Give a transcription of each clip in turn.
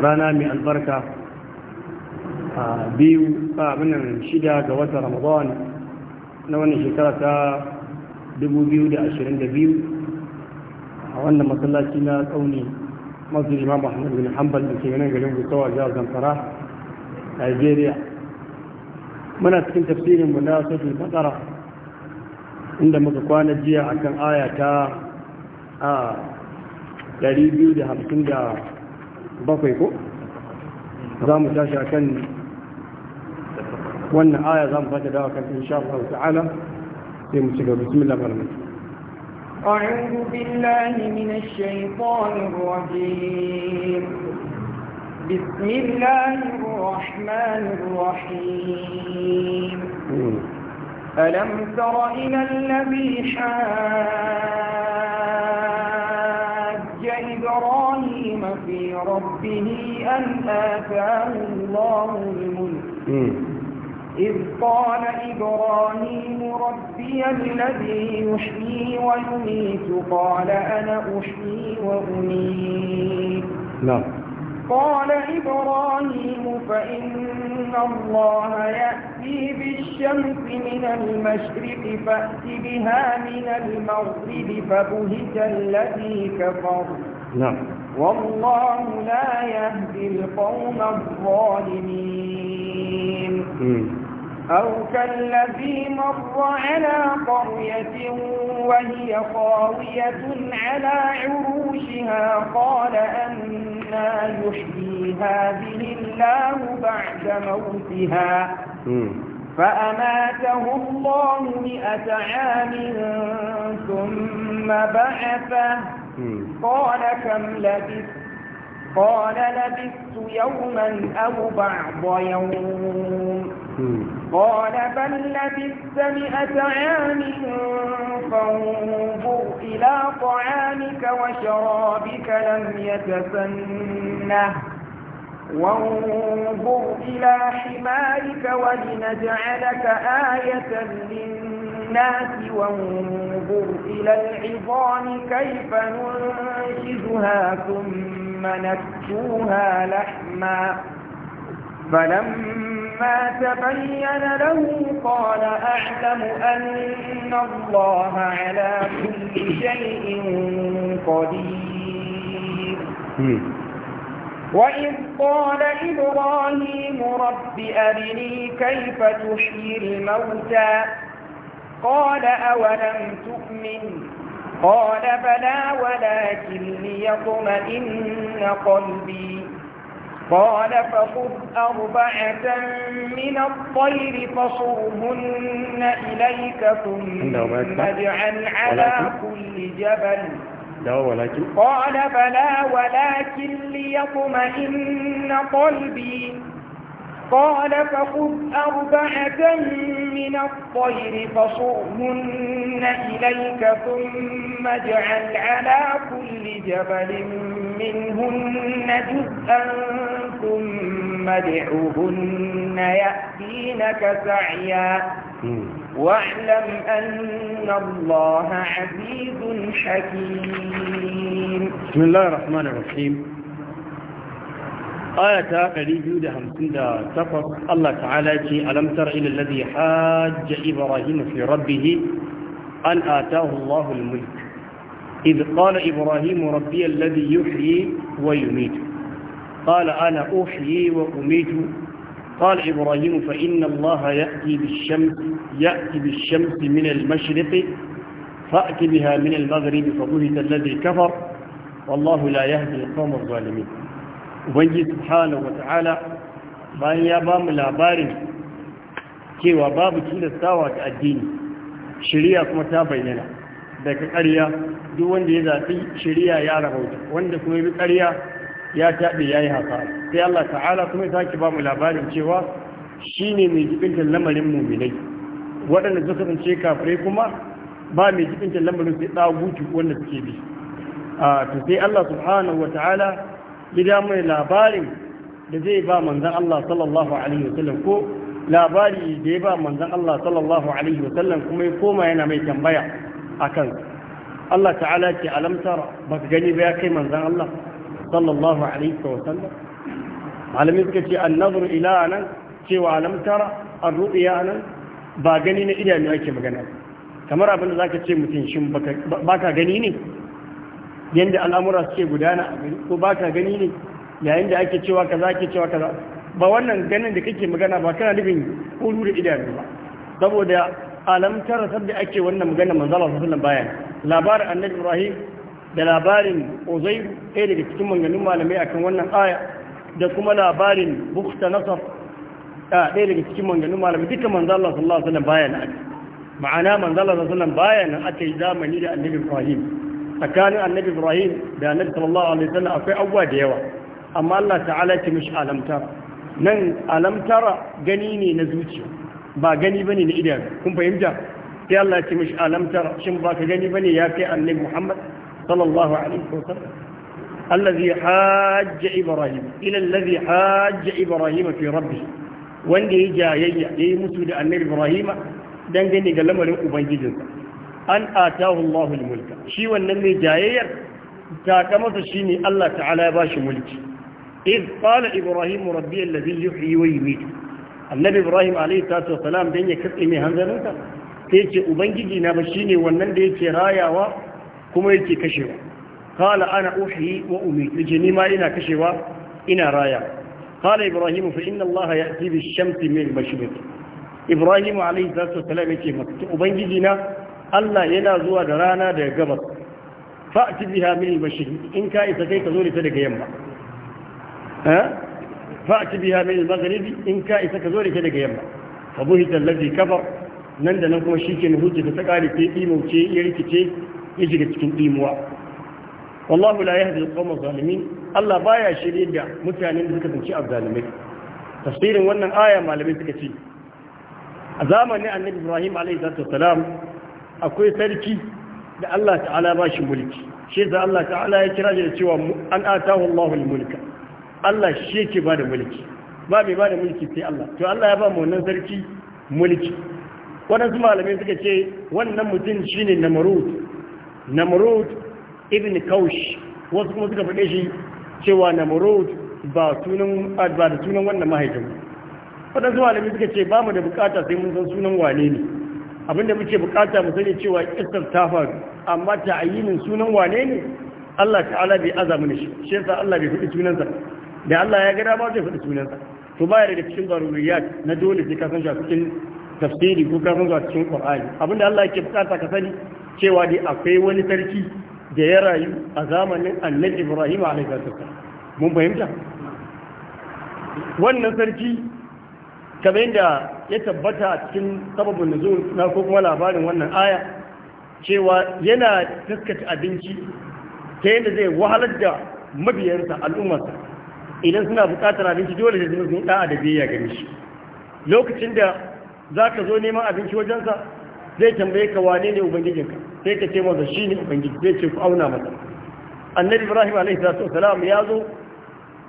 rana mai albarka a biyu a abinan shida ga wata ramadan na wannan shekara ta 2022 a wannan masallaci na tsauni masu imam ahmad bin hanbal da ke ganin garin gusawa jihar zamfara nigeria muna cikin tafsirin mu na sojin bakara inda muka kwana jiya akan aya ta a 250 بطيكو زام تاشا كان وان آية زام تاشا كان إن شاء الله تعالى في مسجد بسم الله الرحمن الرحيم أعوذ بالله من الشيطان الرجيم بسم الله الرحمن الرحيم ألم تر إلى الذي حاج إبراهيم ربه أن آتاه الله الملك إذ قال إبراهيم ربي الذي يحيي ويميت قال أنا أحيي وأميت نعم قال إبراهيم فإن الله يأتي بالشمس من المشرق فأت بها من المغرب فبهت الذي كفر نعم والله لا يهدي القوم الظالمين أو كالذي مر على قرية وهي خاوية على عروشها قال أنا يحيي هذه الله بعد موتها فأماته الله مئة عام ثم بعثه قال كم لبثت قال لبثت يوما أو بعض يوم قال بل لبثت مئة عام فانظر إلى طعامك وشرابك لم يتسنه وانظر إلى حمارك ولنجعلك آية للناس الناس وانظر إلى العظام كيف ننشزها ثم نكسوها لحما فلما تبين له قال أعلم أن الله على كل شيء قدير وإذ قال إبراهيم رب أرني كيف تحيي الموتى قال أولم تؤمن قال بلى ولكن ليطمئن قلبي قال فخذ أربعة من الطير فصرهن إليك ثم اجعل على كل جبل ولكن قال بلى ولكن ليطمئن قلبي قال فخذ أربعة من الطير فصرهن إليك ثم اجعل على كل جبل منهن جزءا ثم ادعوهن يأتينك سعيا واعلم أن الله عزيز حكيم بسم الله الرحمن الرحيم آية قريب دهم تفر الله تعالى ألم تر إلى الذي حاج إبراهيم في ربه أن آتاه الله الملك إذ قال إبراهيم ربي الذي يحيي ويميت قال أنا أحيي وأميت قال إبراهيم فإن الله يأتي بالشمس يأتي بالشمس من المشرق فأت بها من المغرب فبهت الذي كفر والله لا يهدي القوم الظالمين ubangiji subhanahu ta'ala bayan ya ba mu labarin cewa babu tilastawa ta addini shari'a kuma ta bayyana daga ƙarya duk wanda ya zafi shari'a ya rahoto wanda kuma bi ƙarya ya taɓe ya yi haka sai Allah ta'ala kuma ya sake ba mu labarin cewa shi ne mai jibintar lamarin muminai waɗanda suka kasance kafirai kuma ba mai jibintar lamarin sai ɗagutu wanda suke bi ah, to sai Allah subhanahu wa ta'ala gida mai labarin da zai ba manzan Allah sallallahu alaihi wasallam ko labari da ya ba manzan Allah sallallahu alaihi wasallam kuma ya koma yana mai tambaya a akan Allah ta'ala ke alamtar ba ka gani ba ya kai manzan Allah sallallahu alaihi wasallam malamai suka ce an annazur ila nan cewa alamtar an arru'iya nan ba gani na idanu ake magana kamar abin da ka ce mutum shi ba ka gani ne yadda al'amura suke gudana a gari ko ba ka gani ne yayin da ake cewa kaza ake cewa kaza ba wannan ganin da kake magana ba kana nufin kulu da idanu ba saboda alamtar sabbi ake wannan magana manzala su alaihi bayan labarin annabi ibrahim da labarin ozai ɗaya daga cikin manganin malamai akan wannan aya da kuma labarin bukta nasar ɗaya daga cikin manganin malamai duka manzala sallallahu alaihi wasallam bayan ma'ana manzala sallallahu alaihi bayan zamani da annabi ibrahim tsakanin annabi ibrahim da annabi sallallahu alaihi wasallam akwai abuwa da yawa amma Allah ta'ala ya mishi alamtara nan alamtar gani ne na zuciya ba gani bane na idan kun fahimta sai Allah ya ce mishi alamtara shin ba ka gani bane ya kai annabi Muhammad sallallahu alaihi wasallam allazi hajja ibrahim ila allazi hajja ibrahim fi rabbi wanda ya jayayya ya yi musu da annabi Ibrahim dangane ga lamarin ubangijinsa أن آتاه الله الملك شيء والنبي جائر تاكمت الشيني الله تعالى باش ملك إذ قال إبراهيم ربي الذي يحيي ويميت النبي إبراهيم عليه الصلاة والسلام بيني كتئمي هنزا نوتا تيتي أبنجي جينا بشيني والنبي يتي رايا و كما يتي كشوا قال أنا أحيي وأميت يجني ما إنا كشوا إنا رايا قال إبراهيم فإن الله يأتي بالشمس من المشرق إبراهيم عليه الصلاة والسلام يتي أبنجي جينا Allah yana zuwa da rana daga gabas fa'ti biha min al-mashriq in ka isa kai ka zo da ta daga yamma eh fa'ti biha min al-maghrib in ka isa ka zo da ta daga yamma fa buhita allazi kafar nan da nan kuma shikenan hujja ta kare sai imauce ya rikice ya shiga cikin imuwa wallahu la yahdi al-qawma zalimin Allah baya shirye da mutanen da suka zanci azzalimai tafsirin wannan aya malamai suka ce a zamanin annabi Ibrahim alaihi salatu wassalam akwai sarki da Allah ta'ala ba shi mulki shi da Allah ta'ala ya kira shi da cewa an atahu Allahu al-mulka Allah shi yake ba da mulki ba mai ba da mulki sai Allah to Allah ya ba mu wannan sarki mulki Wadansu malamai suka ce wannan mutum shine Namrud Namrud ibn Kaush wasu kuma suka faɗe shi cewa Namrud ba sunan ba da sunan wannan mahaifin wadansu malamai suka ce ba mu da bukata sai mun san sunan wane ne abinda muke bukata mu sani cewa iskar ta faru amma ta ayyinin sunan wane ne Allah ta'ala bai aza ne shi shi yasa Allah bai faɗi sunansa da Allah ya gada ba zai faɗi sunansa to baya daga cikin zaruriyat na dole sai ka san shi a cikin tafsiri ko ka san shi a cikin Qur'ani abinda Allah yake bukata ka sani cewa dai akwai wani sarki da ya rayu a zamanin Annabi Ibrahim alaihi salam mun fahimta wannan sarki kamar yadda ya tabbata a cikin sababin nuzul na ko kuma labarin wannan aya cewa yana taskata abinci ta yadda zai wahalar da mabiyarsa al'ummarsa idan suna buƙatar abinci dole da sun da'a da biyayya ga mishi lokacin da za ka zo neman abinci wajensa zai tambaye ka wane ne ubangijinka sai ka ce masa shi ne ubangiji zai ce ku auna masa annabi ibrahim alaihi salatu wasalam ya zo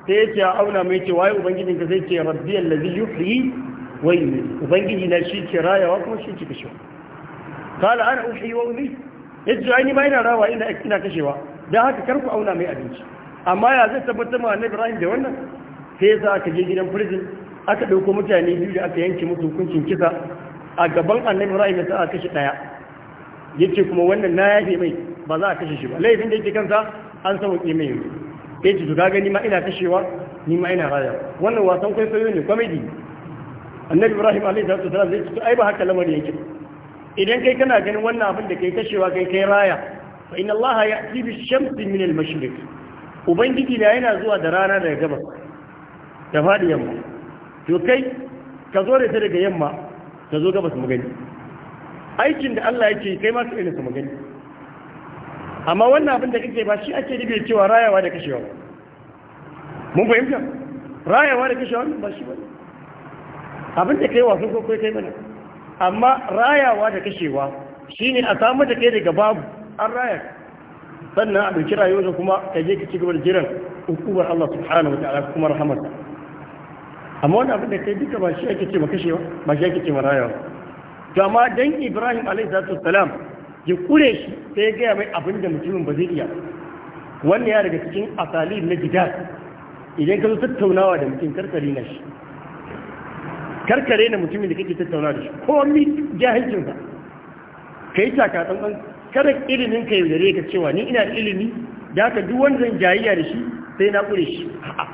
sai ya ce a auna mai ce waye ubangijin ka zai ce rabbi allazi yuhyi wa yumiit ubangiji na shi ke rayawa kuma shi ke kashewa kala ana uhyi wa umiit yace ai ni ba ina rawa ina ina kashewa dan haka kar ku auna mai abinci amma ya zai tabbatar ma annabi Ibrahim da wannan sai za ka je gidan prison aka dauko mutane biyu da aka yanke musu hukuncin kisa a gaban annabi Ibrahim sai aka kashe daya yace kuma wannan na yafe mai ba za a kashe shi ba laifin da yake kansa an sauke mai yanzu ya ji duka gani ma ina kashewa ni ma ina raya wannan wasan kwaikwayo ne kwamidi annabi ibrahim alaihi salatu wasalam zai ce ai ba haka lamarin yake idan kai kana ganin wannan abin da kai kashewa kai kai raya fa inna allaha ya'ti bi shamsi min al mashriq ubangiji da yana zuwa da rana daga gabas da fadi yamma to kai ka zo da ta daga yamma ka zo gabas mu gani aikin da Allah yake kai ma ka irin mu gani amma wannan abin da kake ba shi ake nufi cewa rayawa da kashewa mun fahimta rayawa da kashewa ba shi ba abin da kai wasu ko kai mana amma rayawa da kashewa shine a samu da kai daga babu an raya sannan a ɗauki rayuwarsa kuma ka je ka ci gaba da jiran hukumar Allah subhanahu wataala kuma rahamarsa amma wannan abin da kai duka ba shi ake ce ma kashewa ba shi ake ce ma rayawa to amma dan Ibrahim alaihi salatu wassalam ya kure shi sai ya gaya mai abin da mutumin ba zai iya wannan ya daga cikin asali na gida idan ka zo tattaunawa da mutum karkare na shi karkare na mutumin da kake tattaunawa da shi ko wani jahilcin ka yi taka tsantsan kada ilimin ka yaudare ka cewa ni ina da ilimi da haka duk wanda zan jayayya da shi sai na kure shi a'a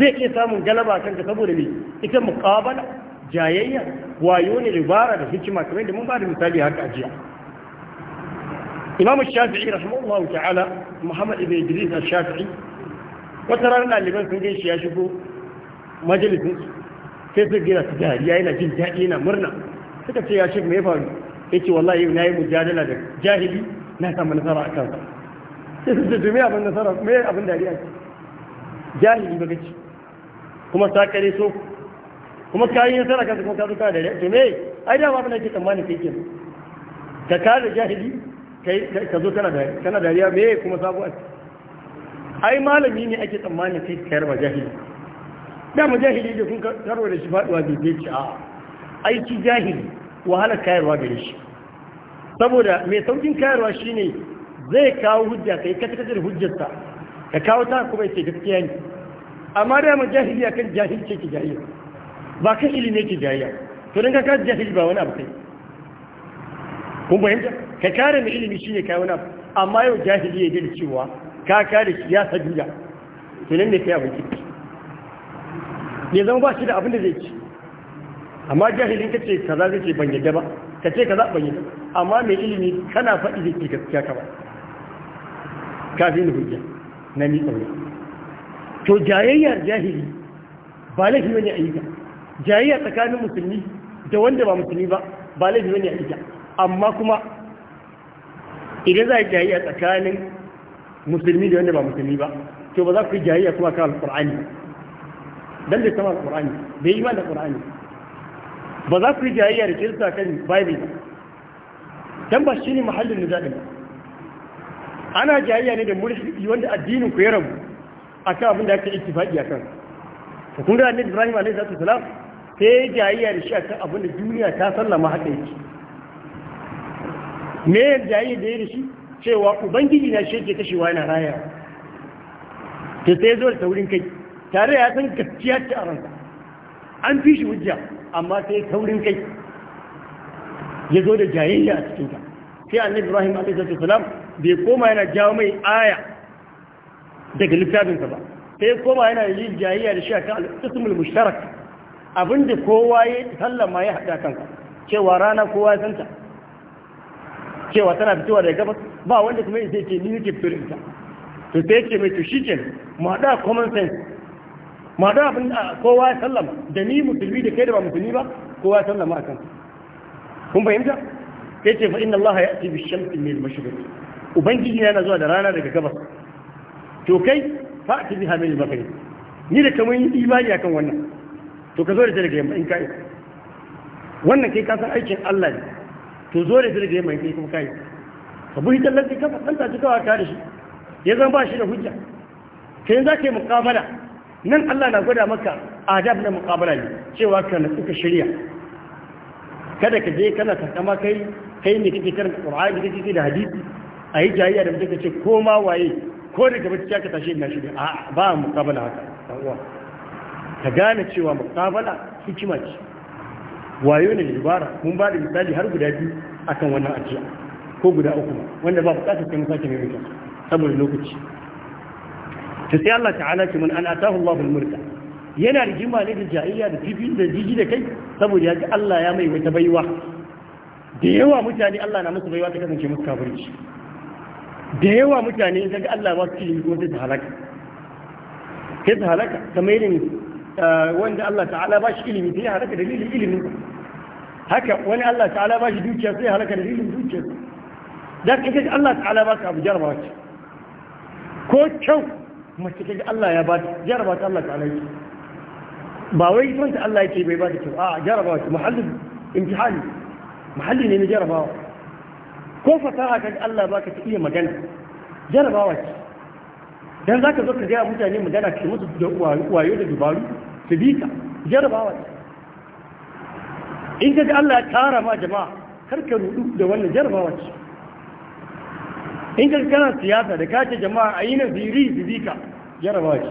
zai iya samun galaba kanka saboda me ita muƙabala jayayya wayo ne ribara da hikima kamar da mun ba da misali haka a jiya إمام الشافعي رحمه الله تعالى محمد بن إدريس الشافعي وترانا اللي بن سنجي shi ya shigo majalisinsu sai su gina su dariya yana jin daɗi yana murna suka ce ya shi mai faru ya ce wallahi na yi mujadala da jahili na samu nasara a kansa sai su ce me abin nasara me abin dariya ce jahili ba gaci kuma ta kare so kuma ka yi nasara kansa kuma ka zo ka dariya to me ai da ba abin da ke tsammanin kai kenan ka kare jahili ka zo kana dariya me kuma sabu a ai malami ne ake tsammanin kai kayar majahili da majahili da kun karo da shi faduwa da ke ci a aiki jahili wahalar kayarwa da shi saboda mai saukin kayarwa shi ne zai kawo hujja ka yi katakatar da hujjarsa ka kawo ta kuma ya ce gaskiya ne amma da majahili akan jahilce ki jahiliya ba kan ilimi ki jahiliya to dan ka ka jahili ba wani abu kai kun fahimta ka kare mai ilimi shine kai wani abu amma yau jahili ya gani cewa ka kare shi ya saduya to nan ne kai abin ki ne zama ba shi da abin da zai ci amma jahilin ka ce kaza zai ce ban yadda ba ka ce kaza ban yadda amma mai ilimi kana faɗi zai ce gaskiya ka ba kafin hujja na mi tsauri to jayayya jahili ba laifi wani ayyuka jayayya tsakanin musulmi da wanda ba musulmi ba ba laifi wani ayyuka amma kuma idan za a jayayya tsakanin musulmi da wanda ba musulmi ba to ba za ku yi jayayya kuma kan alƙur'ani don bai sama alƙur'ani bai yi mana alƙur'ani ba za ku yi jayayya da kirista kan bible Don ba shi ne mahallin nizadin ba ana jayayya ne da mulki wanda addinin ku ya rabu kan abin da aka ittifaqi a kan kun ga annabi Ibrahim alaihi salatu wasalam sai jayayya da shi akan abin da duniya ta sallama haka yake me jayi da ya shi cewa ubangiji na shi ke kashewa yana raya ta sai zo da taurin kai tare ya san gaskiya ta ranka an fi shi hujja amma sai taurin kai ya zo da jayayya a cikin ta sai annabi ibrahim alaihi salam bai koma yana jawo mai aya daga littafinsa ba sai koma yana yi jayayya da shi a kan al'ismul mushtarak abinda kowa ya sallama ya haɗa kanka cewa rana kowa ya santa cewa tana fitowa daga gabas ba wanda kuma ya ce ni nake fito da ita to sai ce mai to ke mu haɗa common sense ma da abin da kowa ya sallama da ni musulmi da kai da ba musulmi ba kowa ya sallama a kan kun fahimta sai ce fa inna Allah ya ati bi shamsi min mashriq ubangiji yana zuwa da rana daga gabas to kai fa ati bi hamil makari ni da kamar yin imani akan wannan to ka zo da ta daga yamma in ka wannan kai ka san aikin Allah ne to zo da zirga mai kai kuma kayi ka buhi tallafi kafa kan tafi kawa ka da shi ya zan ba shi da hujja yin za ka yi muƙabala nan Allah na gwada maka adab na muƙabala ne cewa ka na suka shirya kada ka je kana takama kai kai ne kake karanta Qur'ani da kake da hadisi a yi jayayya da mutum ka ce ko ma waye ko da ka bacci ka tashi ina shirya a ba muƙabala haka ka gane cewa muƙabala hikima ce wayo ne ibara mun ba da misali har guda biyu akan wannan ajiya ko guda uku wanda ba bukatar sai mun sake mai saboda lokaci ta sai Allah ta'ala ce mun an atahu Allahu al-mulka yana rigima ne da jahiliya da fifi da jiji da kai saboda ya ga Allah ya mai wata baiwa da yawa mutane Allah na musu baiwa ta kasance musu kafirci da yawa mutane in ga Allah ba su ilimi kuma sai su halaka sai su halaka kamar irin wanda Allah ta'ala ba shi ilimi sai halaka dalilin ilimin haka wani Allah ta'ala ba shi dukiya sai halaka dalilin dukiya da kake Allah ta'ala ba ka abu jarabawa ce ko kyau mace kake Allah ya ba ta jarabawa ta Allah ta'ala ce ba wai sunta Allah yake bai ba ta kyau a jarabawa ce muhallin imtihani muhalli ne na jarabawa ko fasaha kake Allah ba ka iya magana jarabawa ce dan zaka zo ka ga mutane magana ke musu da wayo da dubaru su bi ka jarabawa in ka Allah ya tara ma jama'a kar ka rudu da wannan jarabawa ce in ka kana siyasa da ka kace jama'a a yi na ziri su bi ka jarabawa ce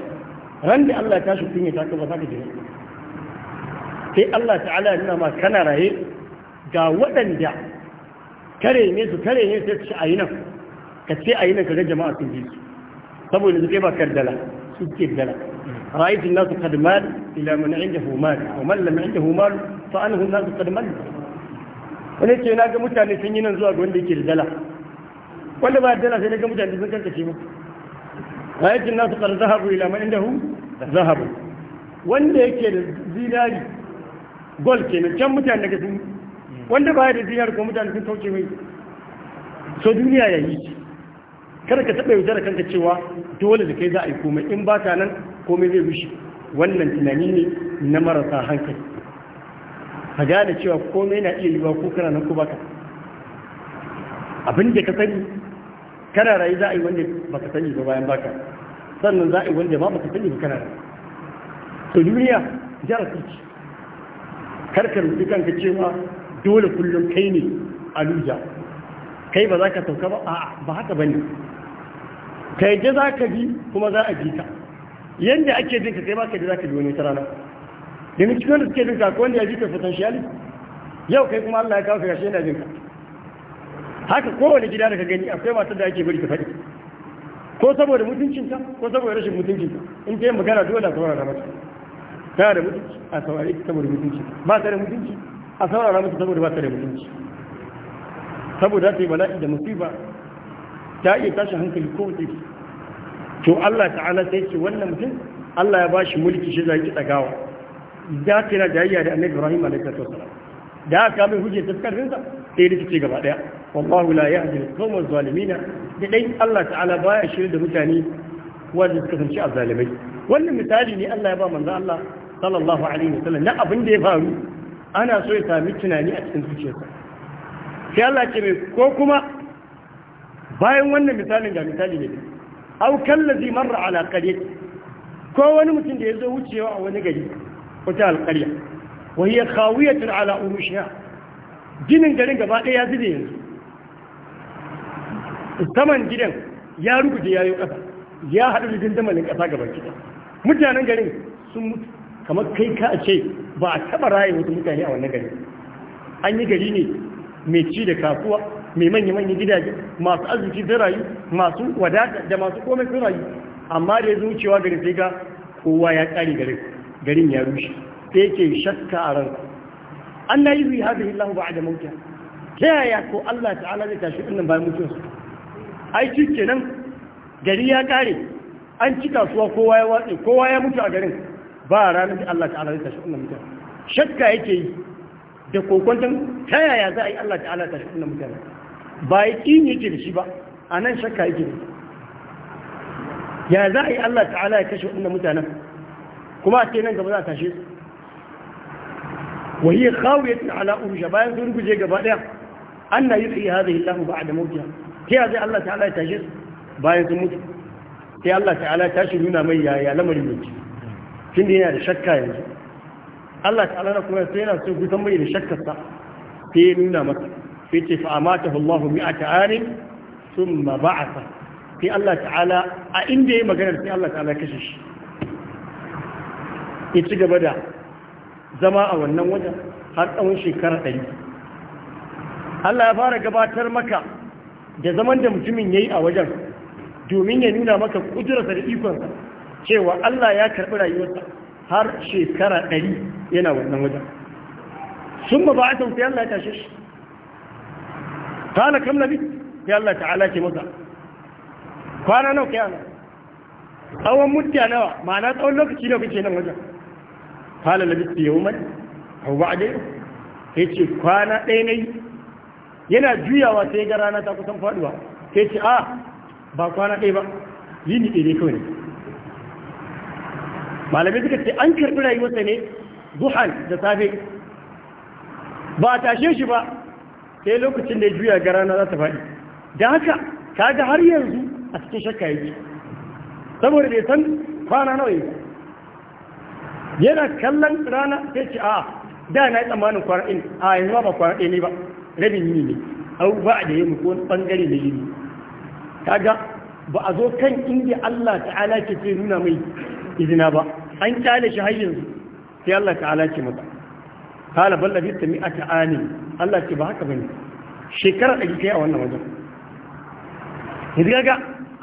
ran da Allah ya tashi kunya ta ka ba za ka je sai Allah ta'ala ya nuna ma kana raye ga waɗanda kare ne su kare ne sai su ci a yi nan ka ce a yi nan ka ga jama'a sun bi su saboda su ba kaddala su ke dala ra'aytu an-nas qad mal ila man 'indahu mal wa man lam 'indahu mal fa anhu an-nas qad mal wani ce na ga mutane sun yi nan zuwa ga wanda yake da dala wanda ba dala sai na ga mutane sun karkace mu ra'aytu an-nas qad zahabu ila man 'indahu zahabu wanda yake da zinari gol kenan can mutane daga sun wanda ba da zinari ko mutane sun kauce mai so duniya yayi kada ka taɓa yaudara kanka cewa dole da kai za a yi komai in ba ka nan komai zai rushe wannan tunani ne na marasa hankali ka gane cewa komai na iya yiwa ko kana nan ko baka abin da ka sani kana rayu za a yi wanda baka sani ba bayan baka sannan za a yi wanda ba ka sani ba kana rayu to duniya jarabi ce karka rufi kanka cewa dole kullum kai ne a kai ba za ka sauka ba a ba haka ba ne ka yi za ka bi kuma za a bi ka yadda ake jinka kai ba ka yi za ka bi wani rana da cikin wanda suke jinka ko wanda ya bi ka yau kai kuma Allah ya kawo kashe yana jinka haka kowane gida da ka gani akwai masu da ake bari ta faɗi ko saboda mutuncinta ko saboda rashin mutuncinta in ta yi magana dole a saurara mata tana da mutunci a saurare ta saboda mutunci ba ta da mutunci a saurara mata saboda ba ta da mutunci saboda ta yi bala'i da musiba ta iya tashin hankali ko mutum to Allah ta'ala sai ce wannan mutum Allah ya bashi mulki shi zai tsagawa da kira jayya da Annabi Ibrahim alaihi salam da aka mai ta tafkarin sa sai da ce gaba daya wallahu la yahdi al-qawma zalimin da dai Allah ta'ala baya shirye da mutane wanda suka a azzalimai wannan misali ne Allah ya ba manzo Allah sallallahu alaihi wa sallam, na abin da ya faru ana so ya sami tunani a cikin zuciyarsa sai Allah ce ko kuma bayan wannan misalin ga misali ne au kallazi marra ala qaryah ko wani mutum da yazo wucewa a wani gari wata alqarya wa hiya khawiyatun ala urushiha ginin garin gaba ɗaya ya zube yanzu saman gidan ya rubuje yayo kasa ya haɗu da dindamalin kasa gaban kida mutanen garin sun mutu kamar kai ka ce ba a taɓa raye mutane a wannan gari an yi gari ne mai ci da kasuwa mai manya-manya gidaje masu arziki zai rayu masu wadata da masu komai sun rayu amma da ya zuciwa gari sai ga kowa ya kare garin garin ya rushe sai yake shakka a ranku. an na yi zuyi haɗe Allah ba a da mauta ta yaya ko Allah ta'ala zai tashi ɗinnan bayan mutuwarsu ai shi kenan gari ya kare an ci kasuwa kowa ya watsi kowa ya mutu a garin ba a ranar da Allah ta'ala zai tashi ɗinnan mutuwa shakka yake yi da kokwanton ta yaya za a yi Allah ta'ala tashi ɗinnan mutane ba yi ƙin yake da shi ba a nan shakka yake da ya za a yi Allah ta'ala ya kashe waɗanda mutanen kuma a kenan gaba za a tashe su wani kawo ya ta'ala umarsha bayan sun guje gaba ɗaya an na yi tsaye hazari lafi ba a da mutuwa ta yi Allah ta'ala ya tashe bayan sun mutu ta Allah ta'ala ya tashi nuna mai ya yi alamari mai tun da yana da shakka yanzu Allah ta'ala na kuma yana so gutan mai da shakkarsa ta yi nuna masa yace fa amatahu Allah mi'ata arin thumma ba'atha sai Allah ta'ala a inda yayi magana sai Allah ta'ala kashe shi ya ci gaba da zama a wannan wajen har tsawon shekara ɗari Allah ya fara gabatar maka da zaman da mutumin yayi a wajen domin ya nuna maka kudurarsa da ikonsa cewa Allah ya karɓi rayuwarsa har shekara ɗari yana wannan wajen sun ba ba a tausayi Allah ya tashe shi kana kam nabi sai Allah ta'ala ke maka kwana nawa kai ana tsawon mutiya nawa ma'ana tsawon lokaci da kuke nan wajen kala nabi ta yau mai abu ba dai ya ce kwana ɗaya na yi yana juyawa sai ga rana ta kusan faduwa sai ce a ah, ba kwana ɗaya ba yi ni ɗaya kawai ne malamai suka ce an karɓi rayuwarsa ne duhan da safe ba a tashe shi ba sai lokacin da ya juya ga rana za ta faɗi da haka ga har yanzu a cikin shakka yake saboda bai san kwana nawa yake yana kallon rana sai ce a da na yi tsammanin kwana ɗin a yanzu ba kwana ne ba rabin yi ne au ba da muku wani bangare na yini kaga ba a zo kan inda Allah ta'ala ke ce nuna mai izina ba an kyale shi har yanzu sai Allah ta'ala ce maka kala bal bi ta mi'ata anin Allah ce ba haka bane shekara da kai a wannan wajen yanzu ga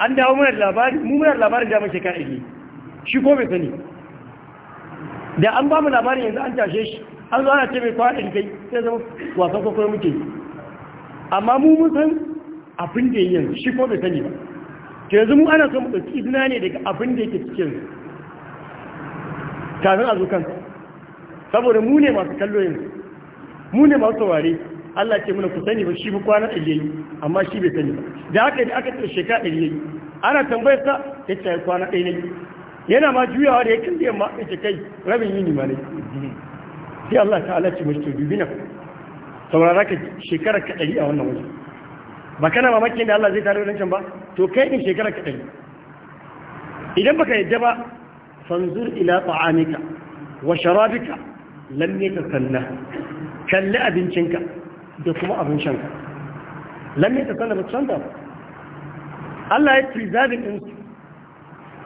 an dawo mana labari mu muna labarin da mu shekara idi shi ko bai sani da an ba mu labarin yanzu an tashe shi an zo ana ce mai kwana da kai sai zama wasan kwakwai muke amma mu mun san abin da yanzu shi ko bai sani ba ke yanzu mu ana son mu ɗauki izina ne daga abin da yake cikin kafin a zo kansa saboda mu ne masu kallo yanzu mu ne masu saurare Allah ce muna ku sani ba shi bi kwana ɗari yayi amma shi bai sani ba da yi da aka tsira shekara ɗari yayi ana tambayar sa ya ce kwana ɗaya ne yana ma juyawa da ya kalli biyan ma ce kai rabin yini ma ne sai Allah ta'ala ce mashi tobi dubi na saurara ka shekara ka ɗari a wannan waje ba kana mamakin da Allah zai tare wajen can ba to kai ɗin shekara ka ɗari idan baka yadda ba fanzur ila ta'amika wa sharabika lalle ka sanna, kalli abincinka da kuma abin shanka lalle ka sanna ba canza ba Allah ya preserving din su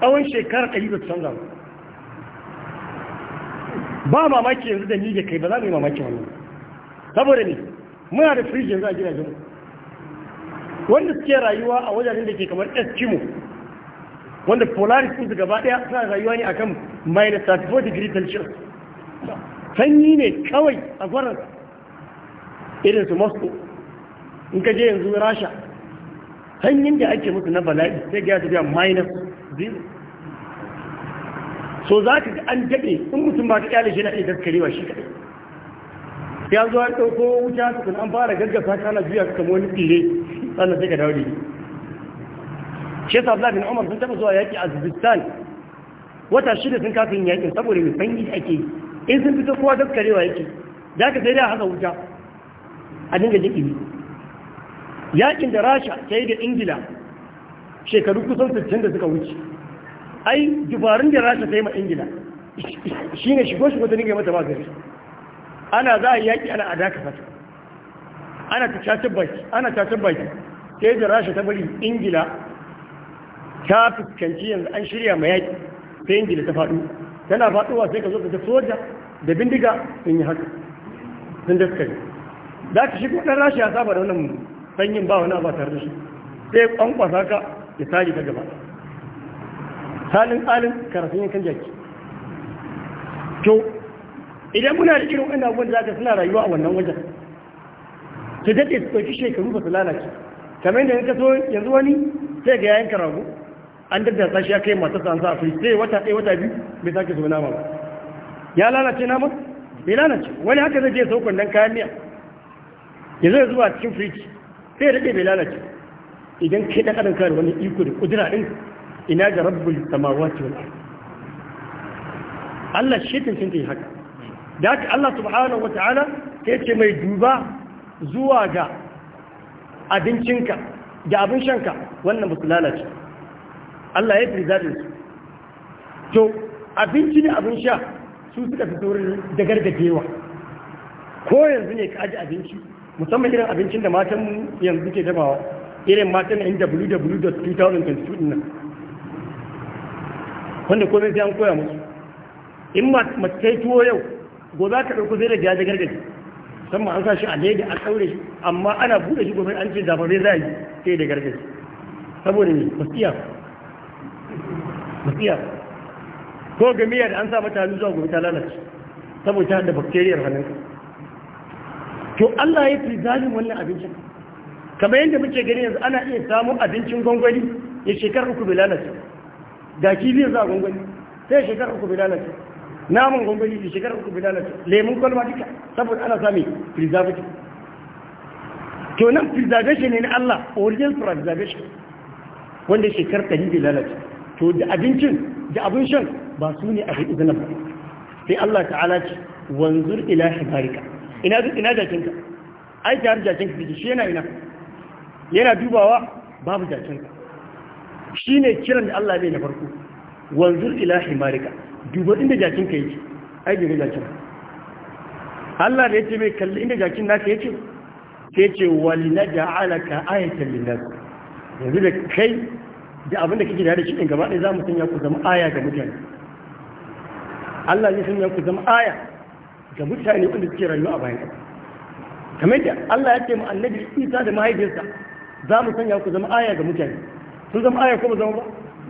tsawon shekarar ɗari ba canza ba ba mamaki yanzu da ni da kai ba za mu yi mamaki wannan saboda ne muna da firiji yanzu a gidajen wanda suke rayuwa a wajen da ke kamar eskimo wanda polaris su gaba ɗaya suna rayuwa ne akan minus 34 degree celsius sanyi ne kawai a gwarar irin su moscow in ka je yanzu rasha hanyar da ake musu na bala'i sai ga biya minus zero so za ka ga an daɗe in mutum ba ta kyale shi na iya daskarewa shi kaɗai ya zo an ɗauko wuta kuma an fara gaggasa kana juya ka kama wani tsire sannan sai ka dawo da shi shi yasa Abdullahi bin Umar sun taɓa zuwa yaƙi a Zubistan wata shida sun kafin yaƙin saboda mai sanyi ake yi in sun fito kowa daskarewa yake Za ka sai da haka wuta a dinga jikini yakin da rasha ta yi da ingila shekaru kusan 60 da suka wuce ai dubarun da rasha ta yi ma ingila shi ne shigo shigo ta dinga mata ba gari ana za a yaki ana adaka fata ana ta cacin baki ana cacin baki ta yi da rasha ta bari ingila ta fuskanci yanzu an shirya ma yaki ta ingila ta faɗo tana faɗowa sai ka zo ka ta soja da bindiga sun yi haka sun yi. za ka shi kudin rashi ya saba da wannan sanyin ba wani abu tare da shi sai kwankwasa ka ya tari ta gaba halin tsalin karafin yankan jaki to idan muna da irin wannan abubuwan da suna rayuwa a wannan wajen ta daɗe su ɗauki shekaru ba su lalace kamar yadda ka so yanzu wani sai ga yayin karago an daddatsa shi ya kai masu sansa a sai wata ɗaya wata biyu bai sake zo nama ba ya lalace na naman bai lalace wani haka zai je sau kwandon kayan miya ya zai zuwa cikin firiji sai rage bai lalace idan kai da kadan kare wani iko da kudura din ina ga rabbul samawati wal wani Allah shi tun yi haka da haka Allah subhanahu ta'ala ta ce mai duba zuwa ga abincinka da abin shanka wannan ba su lalace Allah ya fi zaɗin su to abinci da abin sha su suka fi saurin da gargajewa ko yanzu ne ka aji abinci musamman irin abincin da matan yanzu ke dabawa irin matan nw.2022 nan wanda komai sai an koya musu in mace tuwo yau gobe ka ɗauko zai da ya gargaje musamman an sa shi a daidai a ɗaure shi amma ana buɗe shi gobe an ce zai za a yi sai da gargaje saboda ne masiya masiya ko ga miya da an sa mata zuwa gobe ta lalace saboda ta da bakteriyar hannunka to Allah ya fi zalim wannan abincin kamar yadda muke gani yanzu ana iya samu abincin gwangwani ya shekaru uku bai lalace ga kibiyar za a gwangwani sai shekaru uku bai lalace naman gwangwani ya shekaru uku bai lalace lemun kwalma duka saboda ana sami preservative to nan preservation ne na Allah original preservation wanda shekar ɗari bai lalace to da abincin da abin shan ba su ne a fi izina ba sai Allah ta'ala ce wanzur ila himarika ina duk ina jakinka ai ta har jakinka fiye shi yana ina yana dubawa babu jakinka shi ne kiran da Allah bai na farko wanzur ila himarika duba inda jakinka yake ai bai jakin Allah da ya ce mai kalli inda jakin ce ta ya ce wali na ja'alaka ayatan linnas yanzu da kai da abin da kake da shi ɗin gaba ɗaya za mu sanya ku zama aya ga mutane Allah ya sanya ku zama aya ga mutane wanda suke rayuwa a bayan ƙasa kamar da Allah ya ce mu annabi Isa da mahaifinsa za mu sanya ku zama aya ga mutane sun zama aya ko ba zama ba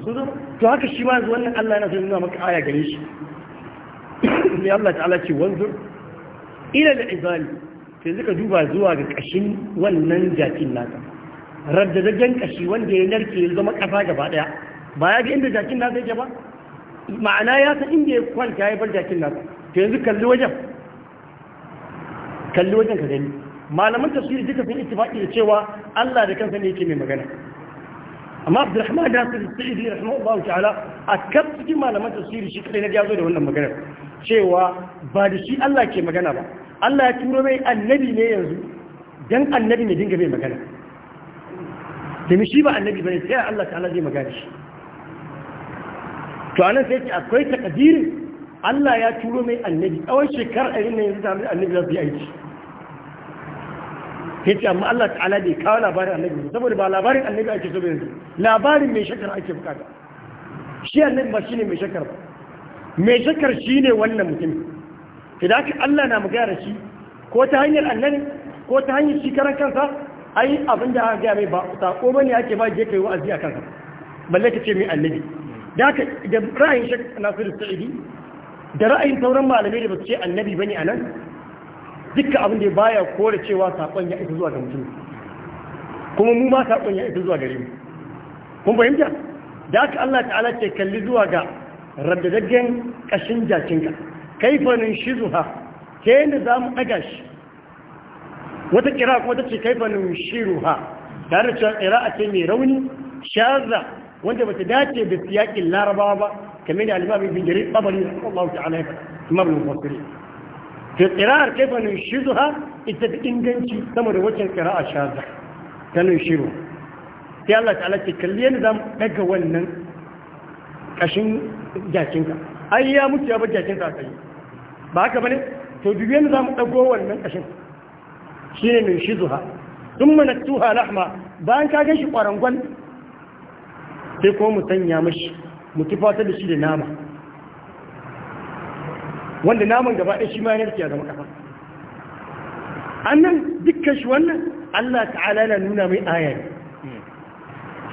sun zama to haka shi ma yanzu wannan Allah yana so nuna maka aya gare shi sai Allah ta'ala ce wanzur ila da izali sai suka duba zuwa ga kashin wannan jakin naka raddadajen kashi wanda ya narke ya zama kafa gaba daya ba ya ga inda jakin naka yake ba ma'ana ya san inda ya kwanta ya bar jakin nasa to yanzu kalli wajen kalli wajen ka gani malaman tafsiri duka sun ittifaqi da cewa Allah da kansa ne yake mai magana amma Abdulrahman da Nasir Sa'idi rahimahullahu ta'ala a kaf cikin malaman tafsiri shi kadai na ya da wannan magana cewa ba da shi Allah ke magana ba Allah ya turo mai annabi ne yanzu dan annabi ne dinga mai magana da shi ba annabi bane sai Allah ta'ala zai magana shi to anan sai ce akwai takadirin Allah ya turo mai annabi tsawon shekarar ɗari ne yanzu da annabi za su yi aiki ya ce amma Allah ta'ala bai kawo labarin annabi saboda ba labarin annabi ake so yanzu labarin mai shakar ake bukata shi annabi ba shine mai shakar ba mai shakar shine wannan mutum idan aka Allah na magana shi ko ta hanyar annabi ko ta hanyar shi karan kansa ai abinda da ga mai ba sako bane ake ba je kai wa'azi a kansa balle ka ce mai annabi da ra'ayin shek nasiru sa'idi da ra'ayin sauran malamai da ba su ce annabi bane a nan dukkan abin da baya kore cewa saƙon ya isa zuwa ga mutum kuma mu ma saƙon ya isa zuwa gare mu kun fahimta da aka Allah ta'ala ce kalli zuwa ga raddadaggen ƙashin jakinka Kai fannin shi zuha ke yadda za mu ɗaga shi wata ƙira kuma ta ce kai fannin shi ruha tare da cewa ƙira a ce mai rauni shaza wanda ba ta dace da siyakin larabawa ba kamar da al-imam ibn jarir tabari Allah ta'ala ya kuma ibn mufassiri to qirar kaifa nunshizuha ita da inganci sama da wacce qira'a shaza ta nunshiru sai Allah ta'ala ce kalli yanda zamu daga wannan kashin jakinka ai ya mutu ya bar jakinka a kai ba haka bane to duk yanda zamu dago wannan kashin shine nunshizuha thumma natuha lahma bayan ka gan shi kwarangon sai kuma mu sanya mashi mu tufata da shi da nama wanda naman gaba ɗaya shi ma yanar ya zama kafa annan dukkan shi wannan Allah ta'ala yana nuna mai ne.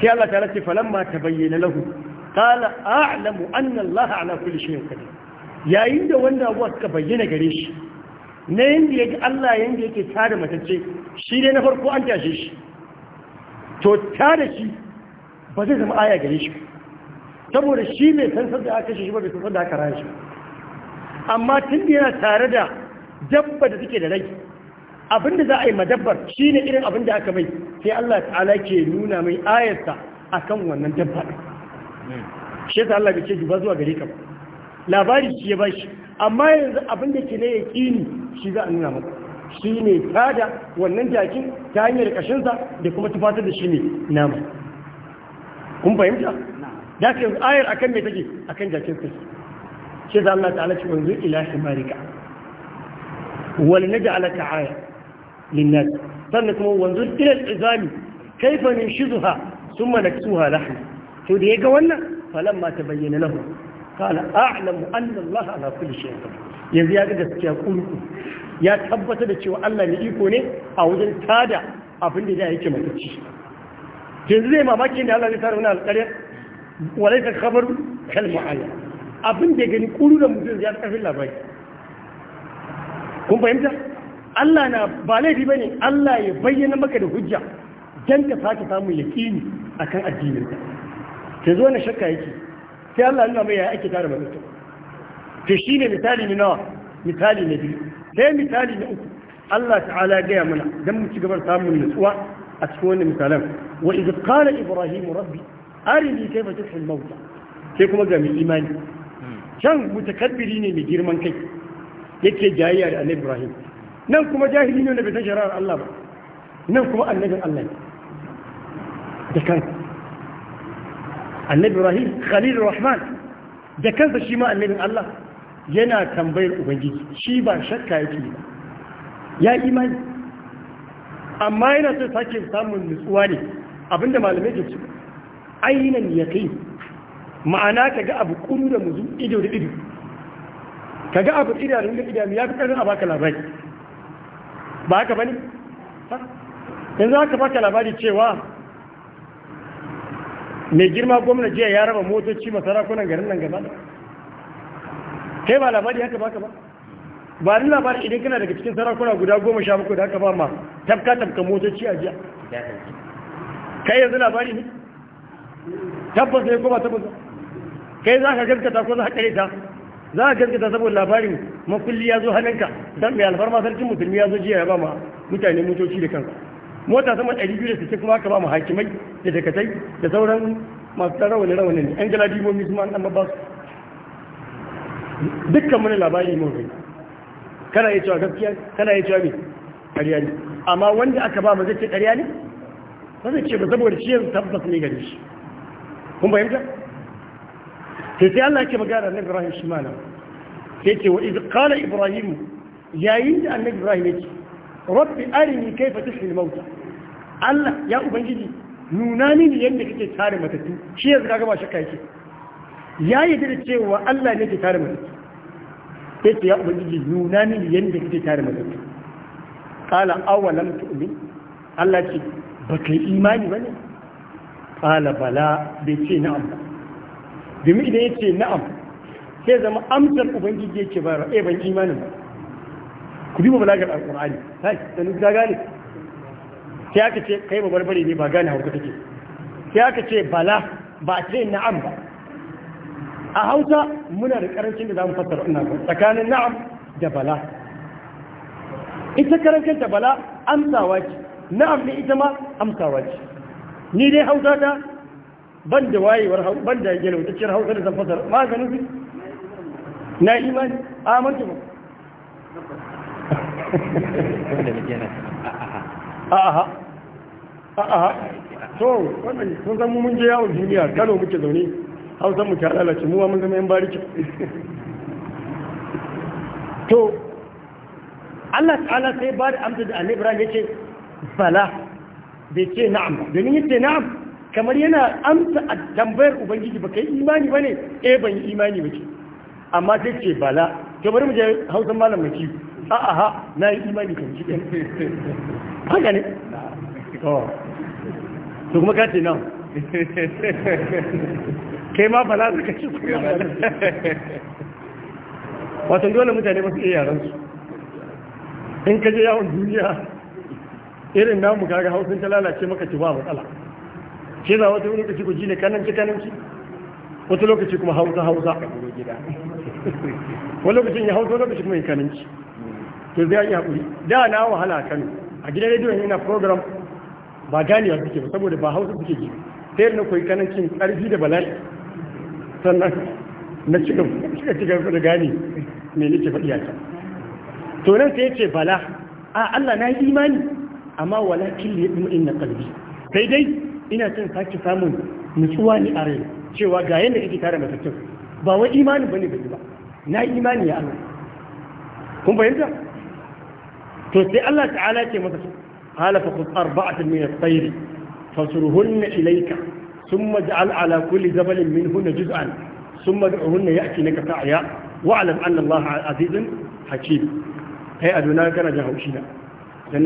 sai Allah ta'ala ce falamma ta bayyana lahu qala a'lamu anna Allah ala kulli shay'in qadir yayin da wanda abuwa suka bayyana gare shi na yanda yake Allah yanda yake tada matacce shi dai na farko an tashe shi to tada shi ba zai zama aya gare shi saboda shi mai san da aka shi ba bai san da aka raya shi amma tun da yana tare da dabba da suke da rai abin za a yi madabbar shi ne irin abin aka mai sai Allah ta'ala ke nuna mai ayarsa a kan wannan dabba ɗin shi ta Allah ce ba zuwa gare ka ba labari shi ya bashi amma yanzu abinda da ke na yaƙini shi za a nuna maka shi ne tada wannan jakin ta hanyar kashinsa da kuma tufatar da shi ne nama kun fahimta da ka yanzu ayar akan me take akan jakin kai shi da Allah ta'ala ce wanzu ila himarika wal naj'alaka aya linnas sannan kuma wanzu ila izami kaifa min shizha thumma naksuha lahma to da yaga wannan falamma tabayyana lahu qala a'lamu anna Allah ala kulli shay'in yanzu ya ga gaskiya kulku ya tabbata da cewa Allah ne iko ne a wajen tada abin da ya yake matacci yanzu zai mamaki da Allah zai tara wani alƙaryar walai ka kamar kalma aya abin da gani kuru da mutum ya ƙarfin labari kun fahimta Allah na ba laifi ne Allah ya bayyana maka da hujja don ka sake samun yaƙini akan addinin ka ke zo na shakka yake sai Allah nuna mai ya ake tara mutum shi ne misali ne nawa misali na biyu sai misali na uku Allah ta'ala gaya mana don mu ci gaba samun nutsuwa a cikin wannan misalan wa idh qala ibrahim rabbi arini kayfa tushu al mauta sai kuma ga mai imani can mutakabbiri ne mai girman kai yake jayayya da annabi ibrahim nan kuma jahili ne da bai san shari'ar Allah ba nan kuma annabin Allah ne da kansa annabi ibrahim khalil rahman da kansa shi ma annabin Allah yana tambayar ubangiji shi ba shakka yake ba ya imani amma yana so sake samun nutsuwa ne abinda malamai ke ci ainihin ya kai ma'ana ka ga abu kudu da muzu ido da ido ka ga abu idanun da idanu ya fi ƙarfin a baka labari ba haka ba ne? yanzu haka baka labari cewa mai girma gwamna jiya ya raba motoci masarakunan garin nan gaba kai ba labari haka baka ba ba ni labarin idan kana daga cikin sarakuna guda goma sha bakwai da aka ba ma tafka tafka motoci a jiya kai yanzu labari ne tabbas ne ko ba tabbas kai za ka gaskata ko za ka kare ta za ka gaskata saboda labarin makulli ya zo hannunka don mai alfarma sarkin musulmi ya zo jiya ya ba ma mutane motoci da kansa mota sama ɗari biyu da sittin kuma aka ba ma hakimai da dakatai da sauran masu ɗan rawanin rawanin yan galadi momi kuma an ɗan ba su dukkan mana labari mun kana iya cewa gaskiya kana iya cewa me ƙarya ne amma wanda aka ba mu zai ce ƙarya ne ba zai ce ba saboda shi yanzu tabbas ne gari shi kun fahimta sai sai Allah yake magana na Ibrahim shi ma nan sai ce wa iz qala Ibrahim yayin da annabi Ibrahim yake rabbi arini kayfa tuhyil mauta Allah ya ubangiji nuna mini yadda kake tare matattu shi yanzu kaga ba shakka yake ya yi da cewa Allah ne ke tare matattu sai ya ya ji nuna ni yadda kake tare matattu qala awalam tu'min Allah ce baka imani bane Ƙala bala bai ce na'am ba domin idan yace na'am sai zama amsar ubangiji yake ba ra'ayi eh, ban imanin ba ku duba balagar alqur'ani sai dan ga gane sai aka ce kai ba barbare ne ba gane hauka take sai aka ce bala ba ce na'am ba a hausa muna da karancin da za mu fassara ina tsakanin na'am da bala ita karancin da bala amsawa ce na'am ne ita ma amsawa ce ni dai hausa ta ban da wayewar ban da yalwatacciyar hausa da zan fassara maganin su na imani amince ba a'a a'a to wannan sun san mun je yawon duniya kano muke zaune hausa mu ta lalace muwa mun zama yan bariki to Allah ta'ala sai ba da amsa da annabi Ibrahim yace bala bai ce na'am domin yace na'am kamar yana amsa a tambayar ubangiji ba kai imani bane eh ban yi imani ba ce amma sai ce bala to bari mu je hausan malam maki a a ha na yi imani kan shi haka ne to kuma ka ce nan kai ma bala za ka ba wato dole mutane masu iya yaransu in ka je yawon duniya irin namu kaga hausun ta lalace maka ci ba matsala ce za wata lokaci ku ji ne kananci kananci wata lokaci kuma hausa hausa wani lokacin ya hausa lokaci kuma ya kananci to zai yi haƙuri da na wahala a kano a gidan rediyon yana program ba ganiyar suke ba saboda ba hausa suke ji sai na koyi kanancin ƙarfi da bala'i sannan na cika cika da gani me nake faɗi a can to nan sai ce bala a Allah na yi imani amma walakin li yadmu inna qalbi sai dai ina son sake samun nutsuwa ne a rai cewa ga yanda yake tare matattun ba wai imani bane da ba na yi imani ya Allah kun fahimta to sai Allah ta'ala ke masa qala fa khudh arba'atan min at-tayr fasuruhunna ilayka ثم اجعل على كل جبل منهن جزءا ثم ادعوهن يأتينك سعيا واعلم أن الله عزيز حكيم هي أدونا كان جهوشنا لأن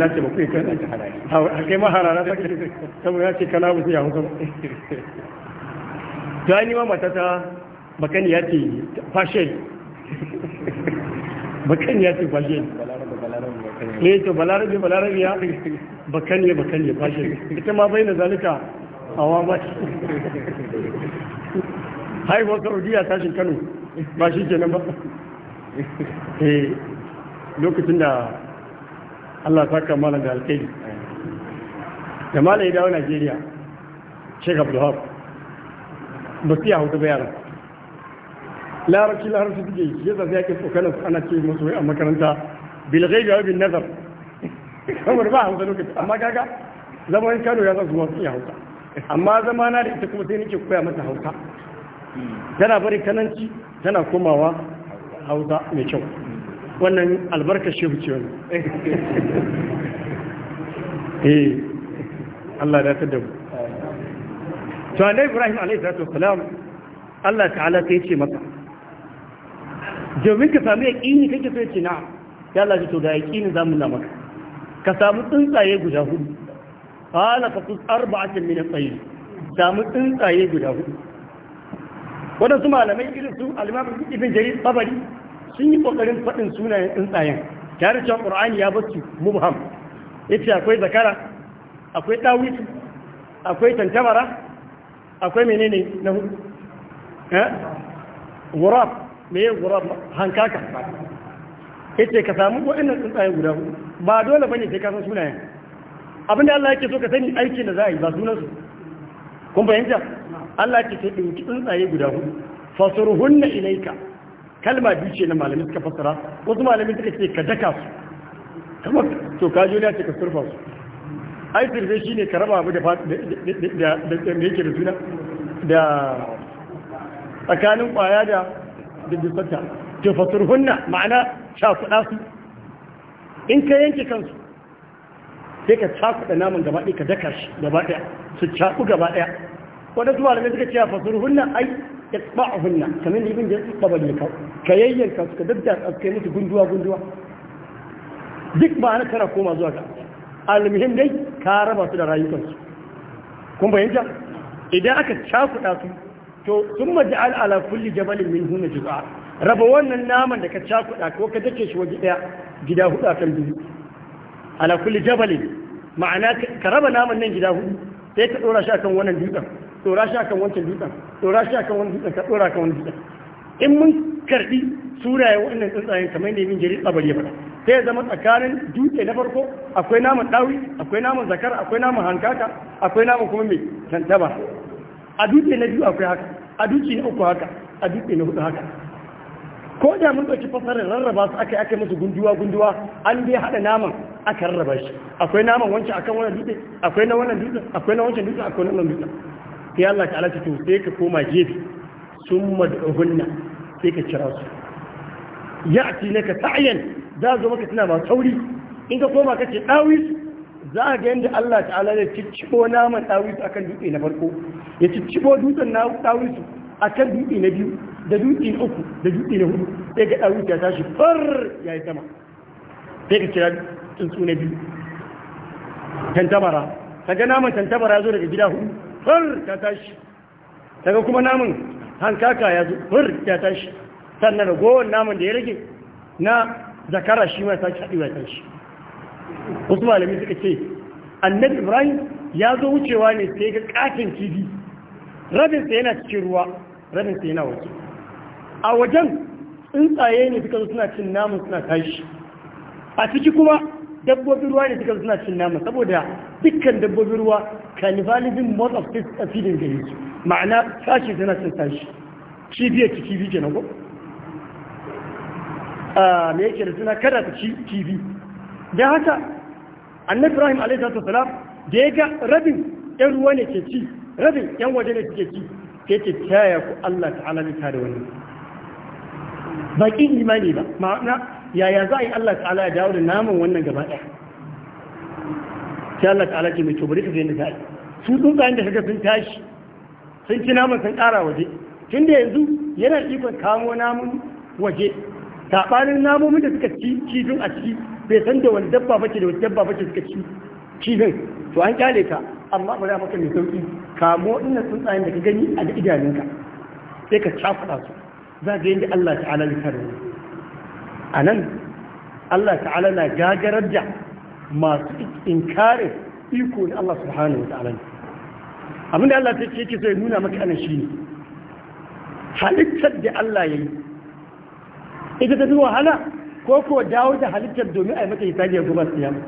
ba kai kan ta bakan ya ce fashe ne to balarabe balarabe ya bakan ya bakan ya fashe ita ma bai na zalika awa ba shi haihuwar a tashin kano ba shi kenan ba eh, lokacin da allah saka malam da alkaidi da malam ya dawo najeriya sheik abdullahab ba su yi hauta bayanan larabci larabci suke yi yadda zai ake tsokanar ana ce masu a makaranta bilgai ga wabin nazar kamar ba hausa lokacin amma gaga yin kano ya zafi masu yi hausa amma zama na da ita kuma sai nake koya mata hausa tana bari kananci tana komawa hausa mai kyau wannan albarkar shehu ce wani eh Allah da ta da mu to ne Ibrahim alaihi salatu wassalam Allah ta'ala sai ce maka. domin ka samu yaqini kake so yace na ya Allah ji to ga yaqini zamu na maka ka samu tsuntsaye guda hudu qala fa tus arba'atin min at-tayr samu tsuntsaye guda hudu wadansu malamai irin su al-imam ibn jarir tabari sun yi kokarin fadin sunayen tsuntsayen tare cewa qur'ani ya basu mubham yace akwai zakara akwai dawit akwai tantamara, akwai menene na hudu eh gurab me ya gurab hankaka yace ka samu waɗannan tsuntsaye guda hudu ba dole bane sai ka san sunayen abinda Allah yake so ka sani aikin da za a yi ba sunansu kun fahimta Allah yake so ɗauki tsuntsaye guda hudu fasuruhunna ilaika kalma biyu ce na malami suka fassara wasu malami suka ce ka daka su kamar to ka jona ce ka surfa su ai surfe shi ne ka raba abu da yake da suna da tsakanin kwaya da dubbisatta to fasuruhunna ma'ana shafuɗa su in ka yanke kansu sai ka cakuɗa naman gaba ɗaya ka daka shi gaba ɗaya su caku gaba ɗaya wanda zuwa da suka ce fasuru hunna ai ya hunna kamar da bin da tsaba ne ka ka yayyanka ka dadda tsakai musu gunduwa gunduwa duk ba na kana koma zuwa ga almuhim dai ka raba su da rayukansu kun bayyanta idan aka cakuɗa su to sun maji al'ala kulli jabalin min hunna juz'a raba wannan naman da ka cakuɗa ko ka dake shi waje daya gida hudu akan biyu ala kulli jabalin ma'ana ka raba naman nan gida hudu sai ka dora shi akan wannan dutsen dora shi akan wancan dutsen dora shi akan wannan dutsen ka dora akan wannan dutsen in mun karbi surayen wannan tsuntsayen kamar ne min jarir ya ba sai zama tsakanin dutse na farko akwai naman dawi akwai naman zakar akwai naman hankaka akwai naman kuma mai tantaba a dutse na biyu akwai haka a dutse na uku haka a dutse na hudu haka ko da mun ɗauki fasarar rarraba su aka yi aka musu gunduwa gunduwa an dai haɗa naman aka rarraba shi akwai naman wancan akan wannan dutse akwai na wannan dutse akwai na wancan dutse akwai na wannan dutse sai Allah ta'ala ta sai ka koma jefi sun mad'uhunna sai ka kira su ya'ti naka ta'yan za zo maka tana ma sauri in ka koma kace dawi za a ga yadda Allah ta'ala ya ciccibo naman dawi akan dutse na farko ya ciccibo dutsen na dawi a kan dutse na biyu da dutse na uku da dutse na hudu sai ga ɗawuta ya tashi far ya yi sama sai ka kira tsuntsu na biyu tantabara kaga naman tantabara ya zo daga gida hudu far ta tashi ga kuma naman hankaka ya zo far ya tashi sannan ragowar naman da ya rage na zakara shi ma sake haɗewa ya tashi wasu malami suka ce annabi ibrahim ya zo wucewa ne sai ga katin kifi rabinsa yana cikin ruwa rabin sai yana waje a wajen tsuntsaye ne suka zo suna cin namun suna tashi a ciki kuma dabbobin ruwa ne suka zo suna cin namun saboda dukkan dabbobin ruwa cannibalism mode of a feeding da yake ma'ana tashi suna cin tashi shi biya ci kibi ke nan ko a me yake da suna kada ta ci kibi da haka annabi ibrahim alaihi salatu wasalam da ya ga rabin yan ruwa ne ke ci rabin yan waje ne ke ci sai ce taya ku Allah ta'ala ta da wani ba imani ba ma'ana yaya za a yi Allah ta'ala ya dawo da naman wannan gaba ɗaya sai Allah ta'ala ce mai to bari ka zai da za'a su tsuntsayen da kaga sun tashi sun ci naman sun ƙara waje tun da yanzu yana ikon kamo namun waje taɓanin namomin da suka ci cizon a ciki bai san da wani dabba bace da wani dabba bace suka ci cizon to an kyale ka amma bari a maka mai sauki kamo ina tsuntsayen da ka gani a da idanunka sai ka cakuɗa su za ga da Allah ta'ala ya ne a nan Allah ta'ala na gagarar da masu inkarin iko na Allah subhanahu wa ta'ala abinda Allah ta ce ke so nuna maka shi shine halittar da Allah ya yi ita ta fi wahala ko ko dawo da halittar domin a yi mata hisabi a gobe tsiyama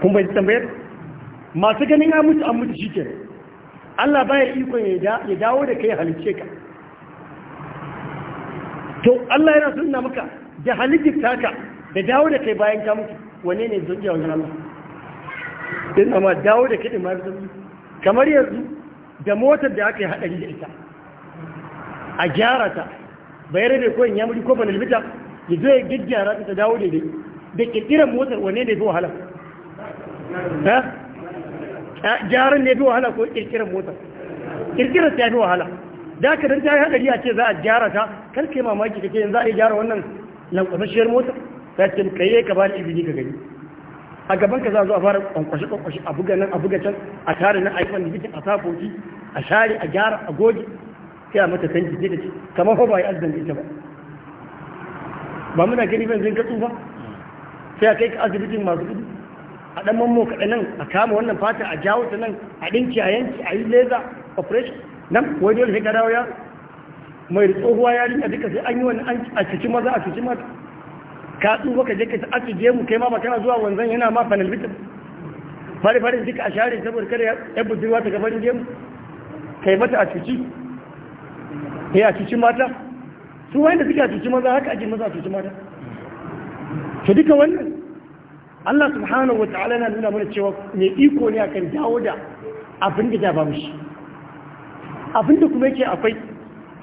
kuma bai tambayar masu ganin ya mutu an mutu shike Allah bayar ikon ya dawo da kai halicce ka to Allah yana suna maka da halittar taka da dawo da kai bayan ka mutu wane ne zuwa yawon Allah din amma dawo da kai mara zuwa kamar yanzu da motar da aka yi haɗari da ita a gyara ta bayar da koyin ya mutu ko ban limita, ya zo ya gaggyara ta dawo da dai da ƙirƙirar motar wane ne zuwa wahala gyaran ne bi wahala ko kirkirar mota kirkirar ta fi wahala da ka dan ta yi hadari a ce za a gyara ta kar kai mamaki kake yanzu za a gyara wannan lankwasasshiyar mota ta ce ka yi ka bani izini ka gani a gaban ka za a zo a fara kwankwashi kwankwashi a buga nan a buga can a tare nan a yi wani bikin a sa koki a share a gyara a goge sai a mata kan sai da ce kamar fa ba yi azumin ita ba ba muna gani ban zai ka tsufa sai a kai ka azumin masu gudu a ɗan mammo kaɗa nan a kama wannan fata a jawo ta nan a ɗinki a yanki a yi leza operation nan wai dole sai ka mai tsohuwa ya rinka duka sai an yi wani a cikin maza a cikin mata ka tsufa ka jikin a cikin mu kai ma ba kana zuwa wanzan yana ma panel bitin fari fari duka a share saboda kada ya budurwa ta gaban gemu kai mata a cikin ya eh, a mata su wanda suke a cikin maza haka ake maza a cikin mata to duka wannan Allah subhanahu wa ta'ala na nuna mana cewa mai iko ne akan dawo da abin da ya ba mushi abin da kuma yake akwai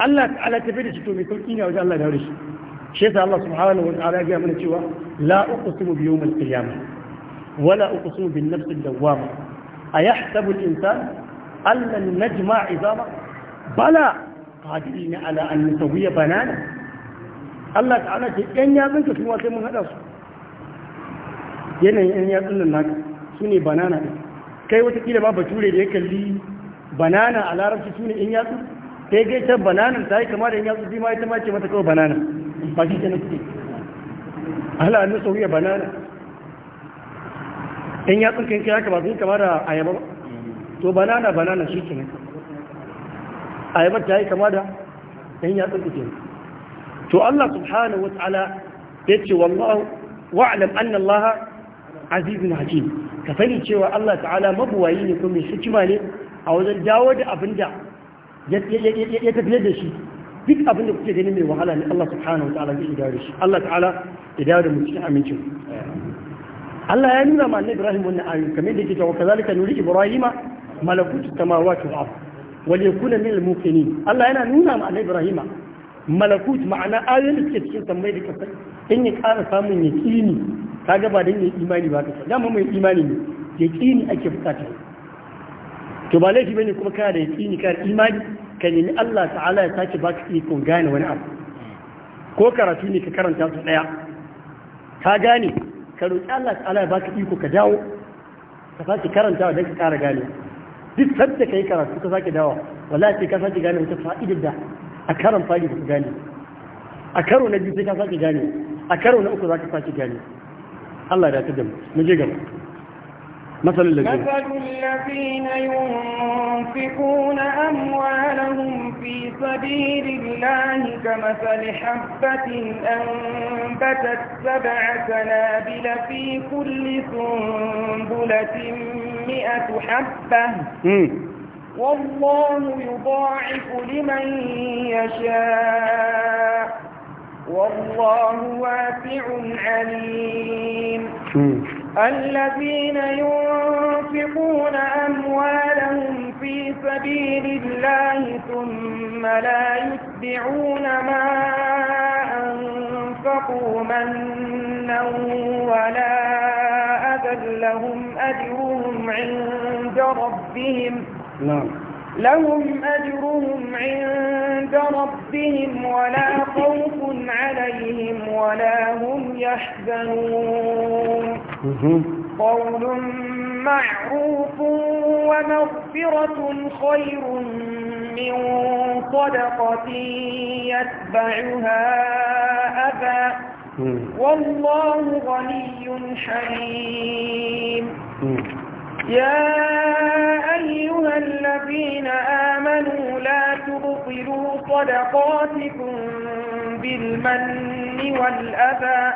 Allah ta'ala tafi da shi to mai sauki ne wajen Allah da shi shi yasa Allah subhanahu wa ta'ala ya mana cewa la uqsimu bi yawmil qiyamah wala uqsimu bin nafs ad-dawwama ayahsabu al-insan an lan najma' izama bala qadirina ala an nusawwiya banana Allah ta'ala ce yan yabinka kuma sai mun hada su yanayin yan yatsun nan naka su ne banana ɗin kai watakila ba bature da ya kalli banana a larabci su ne yan yatsu yi gai ta bananan ta yi kama da yan yatsu ma ita ta mace mata kawai banana ba shi kenan suke ala annu sauriya banana yan yatsun kan kira ka ba zai kama da ayaba ba to banana banana shi kenan ayaba ta yi kama da yan yatsun kenan to Allah subhanahu wa ta'ala ce wallahu wa'lam anna Allah azizun hakim ka sani cewa Allah ta'ala mabuwayi ne kuma hikima ne a wajen dawo da abin da ya tafiye da shi duk abin da kuke gani mai wahala ne Allah subhanahu wa ta'ala zai dawo da shi Allah ta'ala ya dawo da mu cikin amincin Allah ya nuna ma annabi Ibrahim wannan ayu kamar da yake cewa kazalika nuri Ibrahim malakutu samawati wal ard wal yakuna min al muqinin Allah yana nuna ma annabi Ibrahima malakut ma'ana ayoyin da suke cikin sammai da kasai in ya ƙara samun yaƙini kaga ba dan yin imani ba kasa dama mai imani ne yaqini ake bukata to ba laifi bane kuma kana da yaqini ka imani ka nemi Allah ta'ala ya sake baka iko gane wani abu ko karatu ne ka karanta su daya ka gane ka roki Allah ta'ala ya baka iko ka dawo ka sake karanta dan ka kara gane duk sabta kai karatu ka sake dawo wallahi ka sake gane wata fa'idar da a karan fari ka gane a karo na biyu sai ka sake gane a karo na uku za ka sake gane الله da ta damu مثل الذين مثل الذين ينفقون أموالهم في سبيل الله كمثل حبة أنبتت سبع سنابل في كل سنبلة مئة حبة والله يضاعف لمن يشاء والله واسع عليم الذين ينفقون أموالهم في سبيل الله ثم لا يتبعون ما أنفقوا منا ولا أذى لهم أجرهم عند ربهم نعم لهم أجرهم عند ربهم ولا خوف عليهم ولا هم يحزنون قول معروف ومغفرة خير من صدقة يتبعها أبا والله غني حليم يا أيها الذين آمنوا لا تبطلوا صدقاتكم بالمن والأذى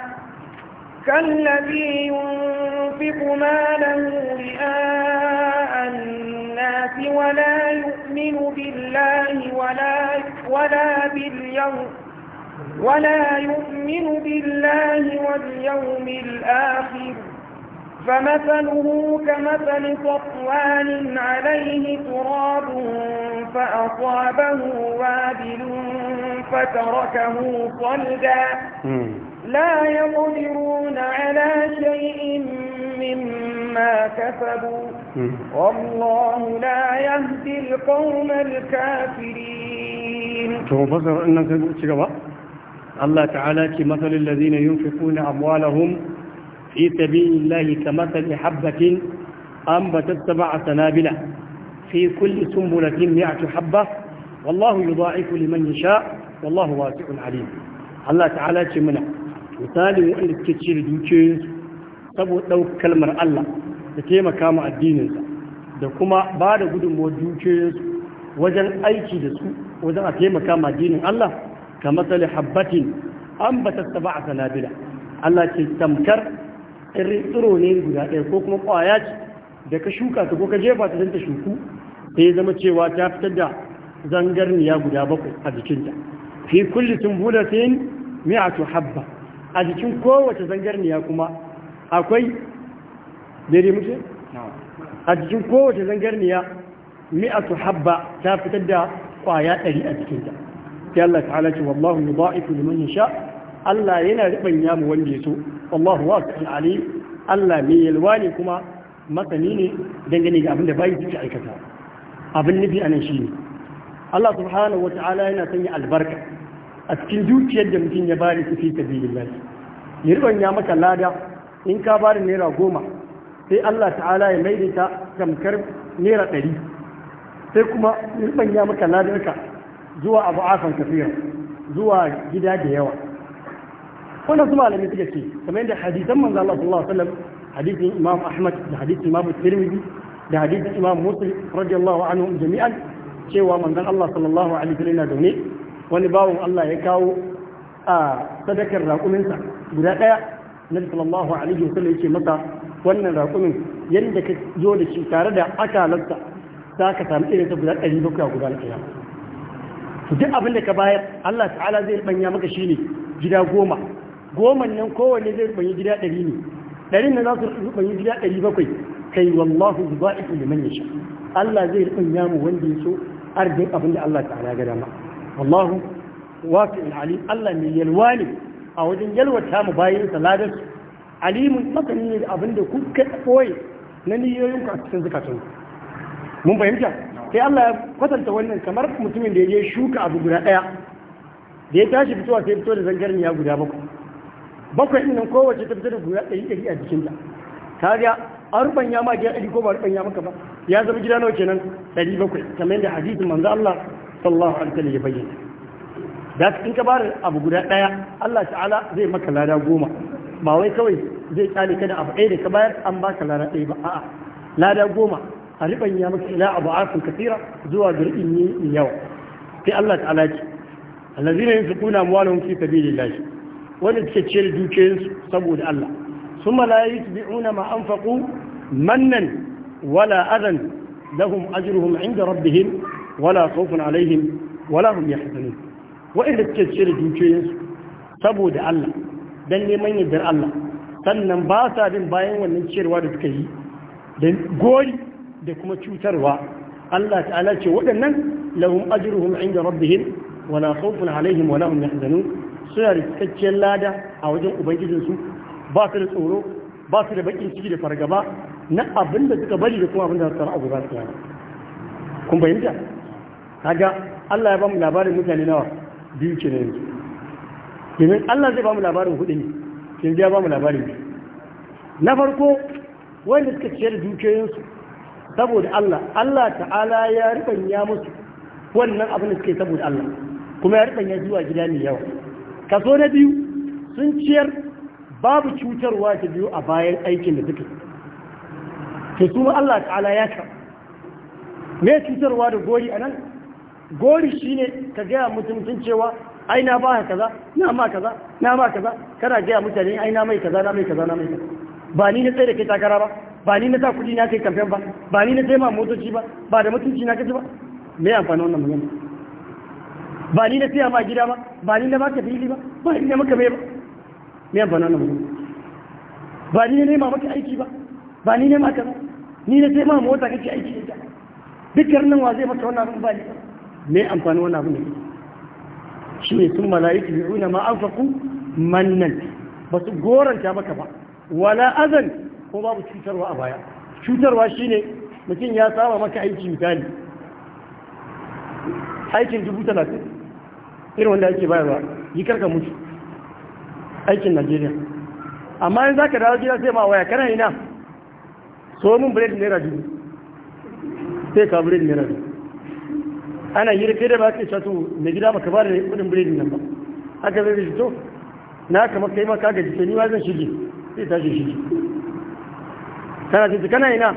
كالذي ينفق ماله رئاء الناس ولا يؤمن بالله ولا, ولا باليوم ولا يؤمن بالله واليوم الآخر فمثله كمثل صفوان عليه تراب فأصابه وابل فتركه صلدا لا يقدرون على شيء مما كسبوا والله لا يهدي القوم الكافرين توفزر أنك تقول الله تعالى كمثل الذين ينفقون أموالهم في سبيل الله كمثل حبة أنبتت bulatin سنابل في كل سنبلة مئة حبة والله يضاعف لمن يشاء والله واسع عليم Allah ta'ala ce muna misalin wanda suke cire dukiyoyinsu saboda ɗaukar kalmar Allah da taimaka mu addininsa da kuma ba da gudunmuwar dukiyoyinsu wajen aiki da su wajen a taimaka mu addinin Allah ka matsali habbatin an ba ta saba a sanabila Allah ce tamkar tsiro ne guda ɗaya ko kuma ƙwaya ce da ka shuka ta ko ka jefa ta don ta shuku sai zama cewa ta fitar da zangarniya guda bakwai a jikinta fi kulli sumbulatin mi'atu habba a jikin kowace zangarniya kuma akwai dare muke a jikin kowace zangarniya mi'atu habba ta fitar da kwaya ɗari a jikinta sai Allah ta'ala ce wallahu yudha'ifu liman nisha. Allah yana riɓanya mu wanda ya so Allahu wasi'un alim Allah mai yalwa ne kuma matsani ne dangane ga abin da bayi suke aikata abin nufi a nan shi ne Allah subhanahu wa ta'ala yana sanya albarka a cikin dukiyar da mutum ya bari su fi sabilillah ya ribanya maka lada in ka bari naira goma sai Allah ta'ala ya maida ta tamkar naira ɗari sai kuma ya ribanya maka ladarka zuwa abu afan kafira zuwa gida da yawa wannan su malami suka ce kamar yadda hadisan manzo Allah sallallahu alaihi wasallam hadisin Imam Ahmad da hadisin Imam Tirmidhi da hadisin Imam Muslim radiyallahu anhum jami'an cewa manzon Allah sallallahu alaihi wasallam yana zaune wani bawon Allah ya kawo a sadakar raƙuminsa guda ɗaya Nabi sallallahu alaihi wasallam ce masa wannan raƙumin yadda ka zo da shi tare da akalarsa za ka sami irin ta guda ɗari bakwai guda na ƙiyama duk abin da ka bayar Allah ta'ala zai banya maka shine gida goma goma nan kowanne zai rubanyi gida ɗari ne ɗari na za su rubanyi gida ɗari bakwai kai wallahu zuba ikon da ya sha Allah zai rubin ya mu wanda ya so arzikin abin da Allah ta'ala ga dama wallahu wafi'in alim Allah mai yalwa ne a wajen yalwata mu bayan saladar alimun masani ne da abin da kuka koyi na niyoyinku a cikin zukatun mun fahimta sai Allah ya kwatanta wannan kamar mutumin da ya je shuka abu guda ɗaya da ya tashi fitowa sai fito da zangarniya guda bakwai bakwai ɗin nan kowace ta fita da guda ɗari ɗari a jikinta ta ga an rubanya ma gida ɗari ko ba rubanya maka ba ya zama gida nawa kenan ɗari bakwai kamar yadda hadisin manzo Allah sallallahu alaihi wasallam ya bayyana da in ka bada abu guda ɗaya Allah ta'ala zai maka lada goma ba wai kawai zai kyale ka da abu ɗaya da ka bayar an baka lada ɗaya ba a'a lada goma a ribanya maka ila abu afin kasira zuwa ga ribin yawa sai Allah ta'ala ce allazina yunfiquna amwalahum fi sabilillah wanda suke ciyar dukiyoyinsu saboda Allah sun malayi su bi'una ma an faƙo mannan wala azan lahum ajruhum inda rabbihim wala khawfun alaihim wala hum yahzanun wa'inda suke ciyar dukiyoyinsu saboda Allah dan neman yardar Allah sannan ba sa bin bayan wannan ciyarwa da suka yi da gori da kuma cutarwa Allah ta'ala ce waɗannan lahum ajruhum inda rabbihim wala khawfun alaihim wala hum yahzanun suna da cikakkiyar lada a wajen ubangijinsu ba su da tsoro ba su da bakin ciki da fargaba na abin da suka bari da kuma abin da suka ra'a za su yana kun bayyanta kaga Allah ya ba mu labarin mutane nawa biyu ke yanzu domin Allah zai ba mu labarin hudu ne yanzu ya ba mu labarin biyu na farko wanda suka ciyar da dukiyoyinsu saboda Allah Allah ta'ala ya riɓanya musu wannan abin da suke saboda Allah kuma ya riɓanya zuwa gida mai yawa kaso na biyu sun ciyar babu cutarwa ta biyu a bayan aikin da suka to su Allah ta'ala ya ka me cutarwa da gori a nan gori shine ka gaya mutum tun cewa aina ba ba kaza na ma kaza na ma kaza kana gaya mutane aina na mai kaza na mai kaza na mai kaza ba ni na tsaye da kai takara ba ba ni na sa kudi na kai kamfen ba ba ni na ma motoci ba ba da mutunci na kaji ba me amfani wannan magana ba ni na siya ma gida ba ba ni na baka fili ba ba ni na maka mai ba me yan bana nan ba ni ne ma maka aiki ba ba ni ne ma ka ni na sai ma mota kake aiki da dukkan nan wa zai maka wannan abin ba ni me amfani wannan abin ne shi ne sun malaiku yu'una ma anfaqu mannan ba su goranta maka ba wala azan ko babu cutarwa a baya cutarwa shine mutum ya saba maka aiki misali aikin dubu talatin irin wanda ake bayarwa yi karka mutu aikin najeriya amma in za ka dawo gida sai ma waya kanan ina so mun biredi naira dubu sai ka biredi naira dubu ana yi kai da ba ka shatu na gida maka ba da kudin bread nan ba haka zai zai to na kama kai maka ga jike ni ma zan shige sai tashi shige kana ce kana ina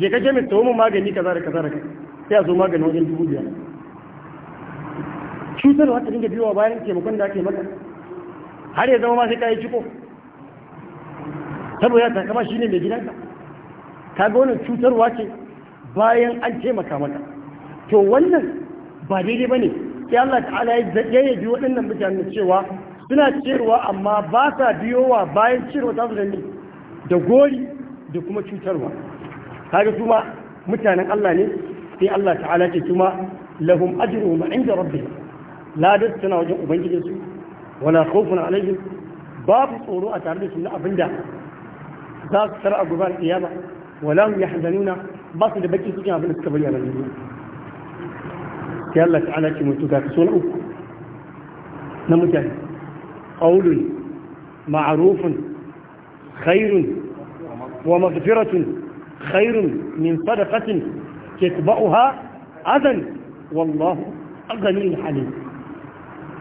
je ka je mai tsohon magani kaza da kaza da kaza sai a zo magani wajen dubu biyar cutarwa ta dinga biyowa bayan taimakon da ake maka har ya zama ma sai ka ciko saboda ta kama shi ne mai gidanka ka ga wannan cutarwa ce bayan an taimaka maka to wannan ba daidai ba ne sai Allah ta'ala ya ya biyo waɗannan mutane cewa suna ciyarwa amma ba sa biyowa bayan ciyarwa ta su da ne da gori da kuma cutarwa kaga su mutanen Allah ne sai Allah ta'ala ce su ma lahum ajruhum inda rabbihim لا دست سنة وجهة أبنج ولا خوف عليهم باب صورو أتعرض سنة أبنجا ذاك سرع قبال قيامة ولا هم يحزنون بس لبكي سجن أبن السبري على الجنة يالله تعالى كمتو ذاك سنة نمجد قول معروف خير ومغفرة خير من صدقة تتبعها أذن والله أغني الحليم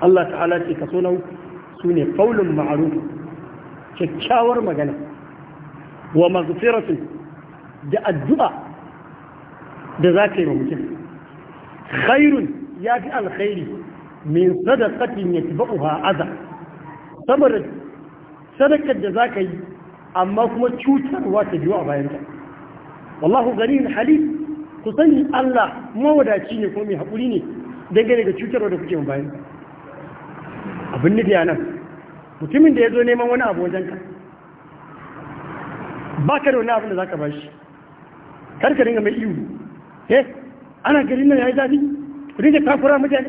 Allah ta'ala ce so nan su ne faulun ma'aru kyakkyawar magana wa maghfiratun da addu'a da za ka yi wa mutum khairun ya fi alkhairi min sadaqatin ha aza saboda sadakar da za ka yi amma kuma cutarwa ta biyu a bayanta wallahu na halim ku sani Allah mawadaci ne ko mai haƙuri ne dangane ga cutarwa da kuke bayanta. abin nufi nan mutumin da ya zo neman wani abu wajenka ba ka da wani abin da za ka ba shi karkar dinga mai iwu eh ana garin nan ya yi zafi ku dinga takura mutane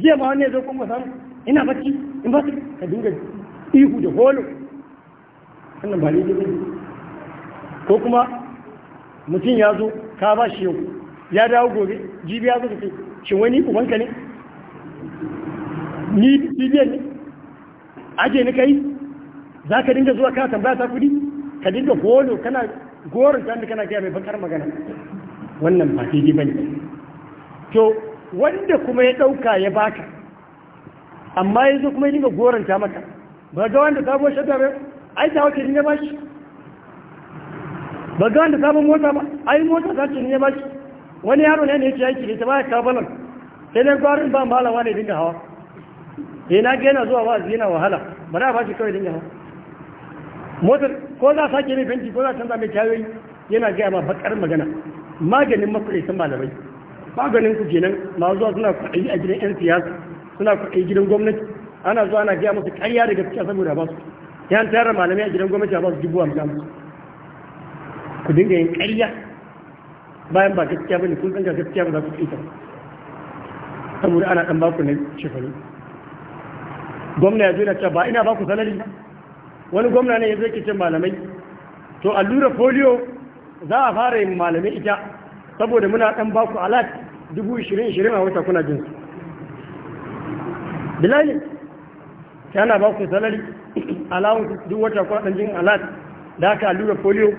jiya ma wani ya zo kun ba samu ina bacci in ba ka dinga ihu da holo wannan ba ne ne ko kuma mutum ya zo ka ba shi yau ya dawo gobe jibi ya zo da kai shi wani ubanka ne ni bibiyan ne aje ni kai za ka dinga zuwa kana tambaya ta kudi ka dinga goro kana gorin ta kana gaya mai bakar magana wannan ba daidai bane to wanda kuma ya dauka ya baka amma yanzu kuma ya dinga gorin ta maka ba ga wanda sabon shadda ba ai ta wace ne ba shi ba ga wanda sabon mota ba ai mota ta ce ne ba shi wani yaro ne ne ya ce aiki ne ta ba ya balan sai dai gwarin ba malawa ne dinga hawa eh na ga yana zuwa wa'azi zina wahala ba na fashi bashi kawai dinga motar ko za sa sake mai fenti ko za a canza mai tayoyi yana gaya ma bakar magana maganin sun malamai maganin ku kenan ma zuwa suna kwaɗayi a gidan yan siyasa suna kwaɗayi gidan gwamnati ana zuwa ana gaya musu ƙarya da gaskiya saboda ba su yan tayar malamai a gidan gwamnati a ba su dubu hamsin ku dinga yin ƙarya bayan ba gaskiya ne kun san gaskiya ba za ku ta saboda ana ɗan baku na shekaru gwamna ya zo na ba ina ba ku salari wani gwamna ne ya zo kicin malamai to allura polio za a fara yin malamai ita saboda muna dan ba ku alat dubu ishirin a wata kuna jin su bilali yana ba ku salari alawun duk wata kuna dan jin alat da aka allura polio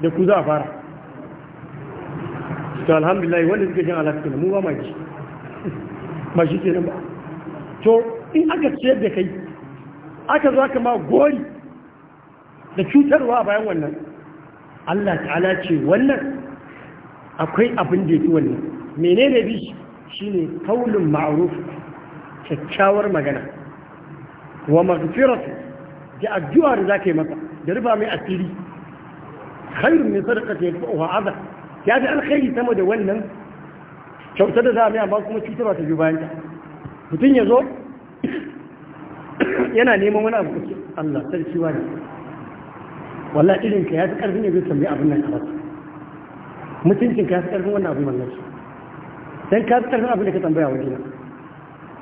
da ku za a fara to alhamdulillah wanda suke jin alat kuna mu ba ma ji ba shi nan ba to in aka ciyar da kai aka zo aka ma gori da cutarwa bayan wannan Allah ta'ala ce wannan akwai abin da yake wannan menene bi shine kaulun ma'ruf kyakkyawar magana wa maghfiratu da addu'a da zaka yi masa da riba mai asiri khairun min sadaqati wa adha ya da alkhairi sama da wannan kyautar da za mu yi amma kuma cutarwa ta biyu bayan ta mutum ya zo yana neman wani abu kake Allah sarki wani wallah irin ka ya fi karfin ne zai tambayi abin nan ka mutuncin ka ya fi karfin wannan abin wannan shi don ka fi karfin abin da ka tambaya wajen nan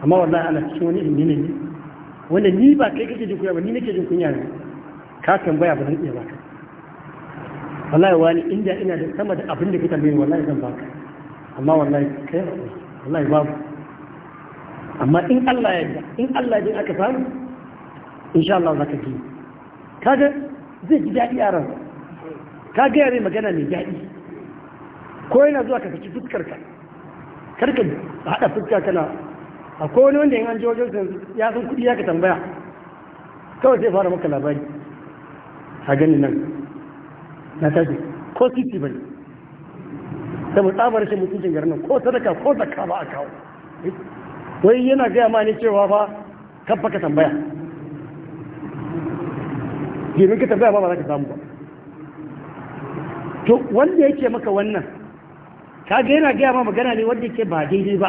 amma wallahi ana cikin wani ilimi ne wanda ni ba kai kake jin kunya ba ni nake jin kunya ne ka tambaya ba zan iya baka wallahi wani inda ina da sama da abin da ka tambaye wallahi zan baka amma wallahi kai wallahi babu amma in Allah ya in Allah ya aka samu insha Allah za ka ji kaga zai ji daɗi a ran ka gaya mai magana mai daɗi ko yana zuwa ka fuskar ka karka haɗa fuska kana akwai wani wanda yin an ji wajen ya san kuɗi ya ka tambaya kawai zai fara maka labari a gani nan na tafi ko titi bane saboda tsabar shi mutuncin garin nan ko sadaka ko zakka ba a kawo wai yana gaya ma ne cewa fa kabba ka tambaya domin ka tambaya ba ba za ka samu ba to wanda yake maka wannan ka ga yana gaya ma magana ne wanda yake ba daidai ba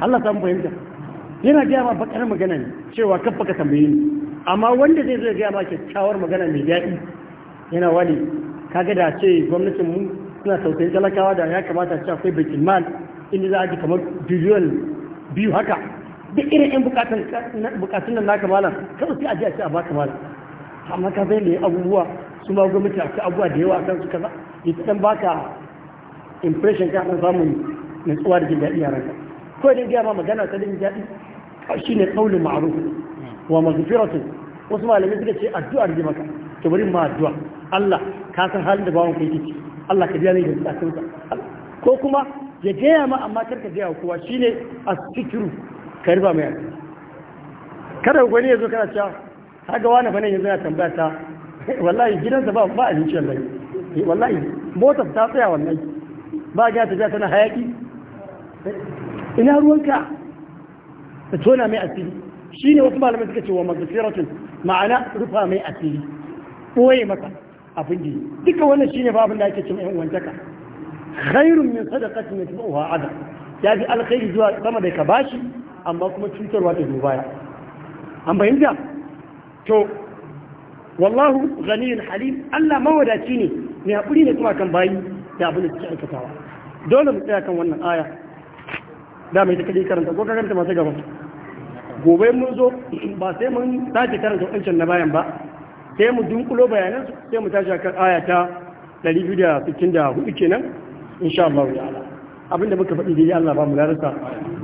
Allah samu fahimta yana gaya ma bakar magana ne cewa kabba ka tambaye ni amma wanda zai zai gaya ma kyakkyawar magana mai daɗi yana wani kaga da ce gwamnatin mu suna tausayin talakawa da ya kamata ce akwai bikin mal inda za a ji kamar biliyon biyu haka da irin yan bukatun nan naka malam kawai sai a ji a ce a baka malam amma ka zai mai abubuwa su ma gwamnati a ci abubuwa da yawa a su kaza ya ci dan baka impression ka an samun nutsuwa da jin daɗi a ranka kawai dan gaya ma magana ta jin daɗi shi ne kaulin ma'aruf wa magfiratun wasu malamai suka ce addu'ar da maka to bari ma addu'a Allah ka san halin da bawon kai yake Allah ka biya mai da tsakinsa ko kuma ya gaya ma amma karka gaya shi shine a sikru ka riba mai yanzu kada ya zo kana cewa kaga wani fane yanzu na tambaya ta wallahi gidansa ba ba abinci wallahi eh, wallahi motar ta tsaya wallahi ba ga ta tana hayaki ina ruwanka ta tona mai asiri shine wasu malamai suka ce wa magfiratun ma'ana rufa mai asiri ɓoye maka abin gini duka wannan shine babin da ake cin yan wancaka khairun min sadaqatin yatba'uha adab ya fi alkhairi zuwa sama da ka bashi amma kuma cutarwa ta zo baya an bayyana to wallahu ghaniyyun halim Allah mawadaci ne mai hakuri ne kuma kan bayi da abin da suke aikatawa dole mu tsaya kan wannan aya da mai take karanta ko karanta masu gaba gobe mun zo ba sai mun sake karanta wancan na bayan ba sai mu dunkulo bayanan sai mu tashi kan aya ta 264 kenan insha Allah abin abinda muka faɗi dai Allah ba mu larasa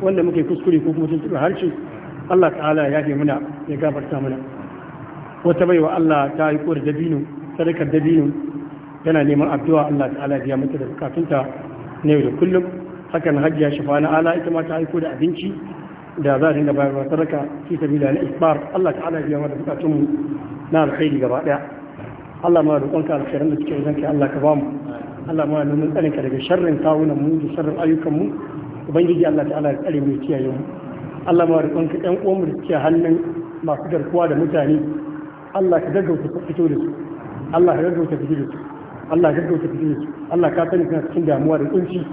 wanda muke kuskure ko kuma tuntuɓe harshe Allah ta'ala ya yafe muna ya gafarta muna wata baiwa Allah ta yi da dabino sadakar dabino yana neman addu'a Allah ta'ala biya mata da bukatunta na da kullum hakan hajjiya shafa na ala ita ma ta aiko da abinci da za a dinga bayarwa sadaka fi sabila na isbar Allah ta'ala biya mata bukatunmu na alkhairi gaba daya Allah ma roƙonka alkhairan da suke wajen kai Allah ka bamu Allah ma nuna ka daga sharrin kawunan mu da sharrin ayyukan mu ubangiji Allah ta'ala ya tsare mu kiyaye mu Allah ma rikon ka ɗan uwan mu da kiyaye hannun masu garkuwa da mutane Allah ka gaggauta fito da su Allah ka gaggauta fito da su Allah ka gaggauta fito da su Allah ka sani kana cikin damuwa da kunci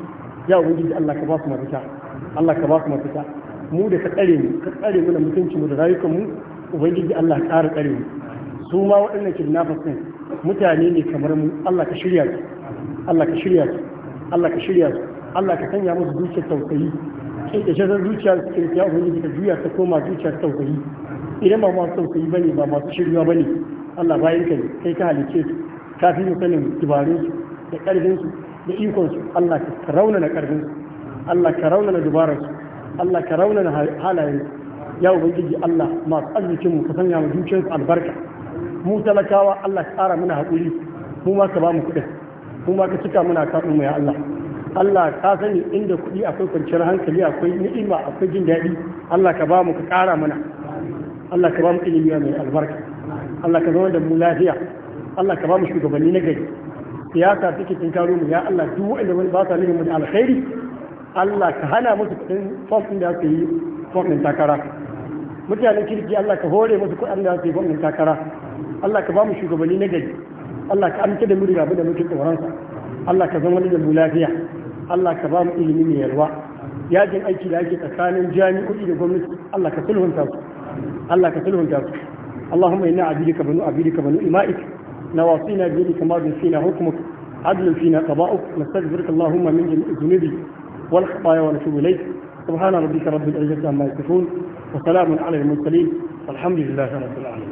ya ubangiji Allah ka ba su mafita Allah ka ba su mafita mu da ka tsare mu ka tsare mu da mutunci mu da rayukan mu ubangiji Allah ka ƙara tsare mu su ma waɗannan kidnappers mutane ne kamar mu Allah ka shirya su Allah ka shirya su Allah ka shirya su Allah ka sanya musu zuciyar tausayi sai da shazar zuciyar su ke ya ubangiji ka juya ta koma zuciyar tausayi idan ba masu tausayi bane ba masu shirya bane Allah bayan ka kai ka halice su ka fi sanin dubarun su da karfin su da ikon su Allah ka raunana karfin su Allah ka raunana dubarar su Allah ka raunana halayen su ya ubangiji Allah masu arzikin mu ka sanya mu zuciyar albarka mu talakawa Allah ka tsara mana haƙuri mu ma ka ba mu kuɗin kuma ka cika muna kafin mu ya Allah Allah ka sani inda kuɗi akwai kwanciyar hankali akwai ni'ima akwai jin daɗi Allah ka ba mu ka ƙara mana Allah ka ba mu ilimi mai albarka Allah ka zama da mu lafiya Allah ka ba mu shugabanni na gari siyasa take tun karo mu ya Allah duk wanda ba sa nuna mu da alkhairi Allah ka hana musu kuɗin fom ɗin da su yi fom ɗin takara mutanen kirki Allah ka hore musu kuɗin da su yi fom ɗin takara Allah ka ba mu shugabanni na gari Allah ka amince da mu daga abin da muke tsoronsa Allah ka zama da mu lafiya Allah ka ba mu ilimi mai yalwa yajin aiki da ake tsakanin jami'o'i da gwamnati Allah ka sulhunta su Allah ka sulhunta su اللهم إنا عبيدك بنو عبيدك بنو إمائك نواصينا بيدك ماض فينا حكمك عدل فينا قضاؤك نستغفرك اللهم من جميع الذنوب والخطايا ونتوب إليك سبحان ربك رب العزة عما يصفون وسلام على المرسلين والحمد لله رب العالمين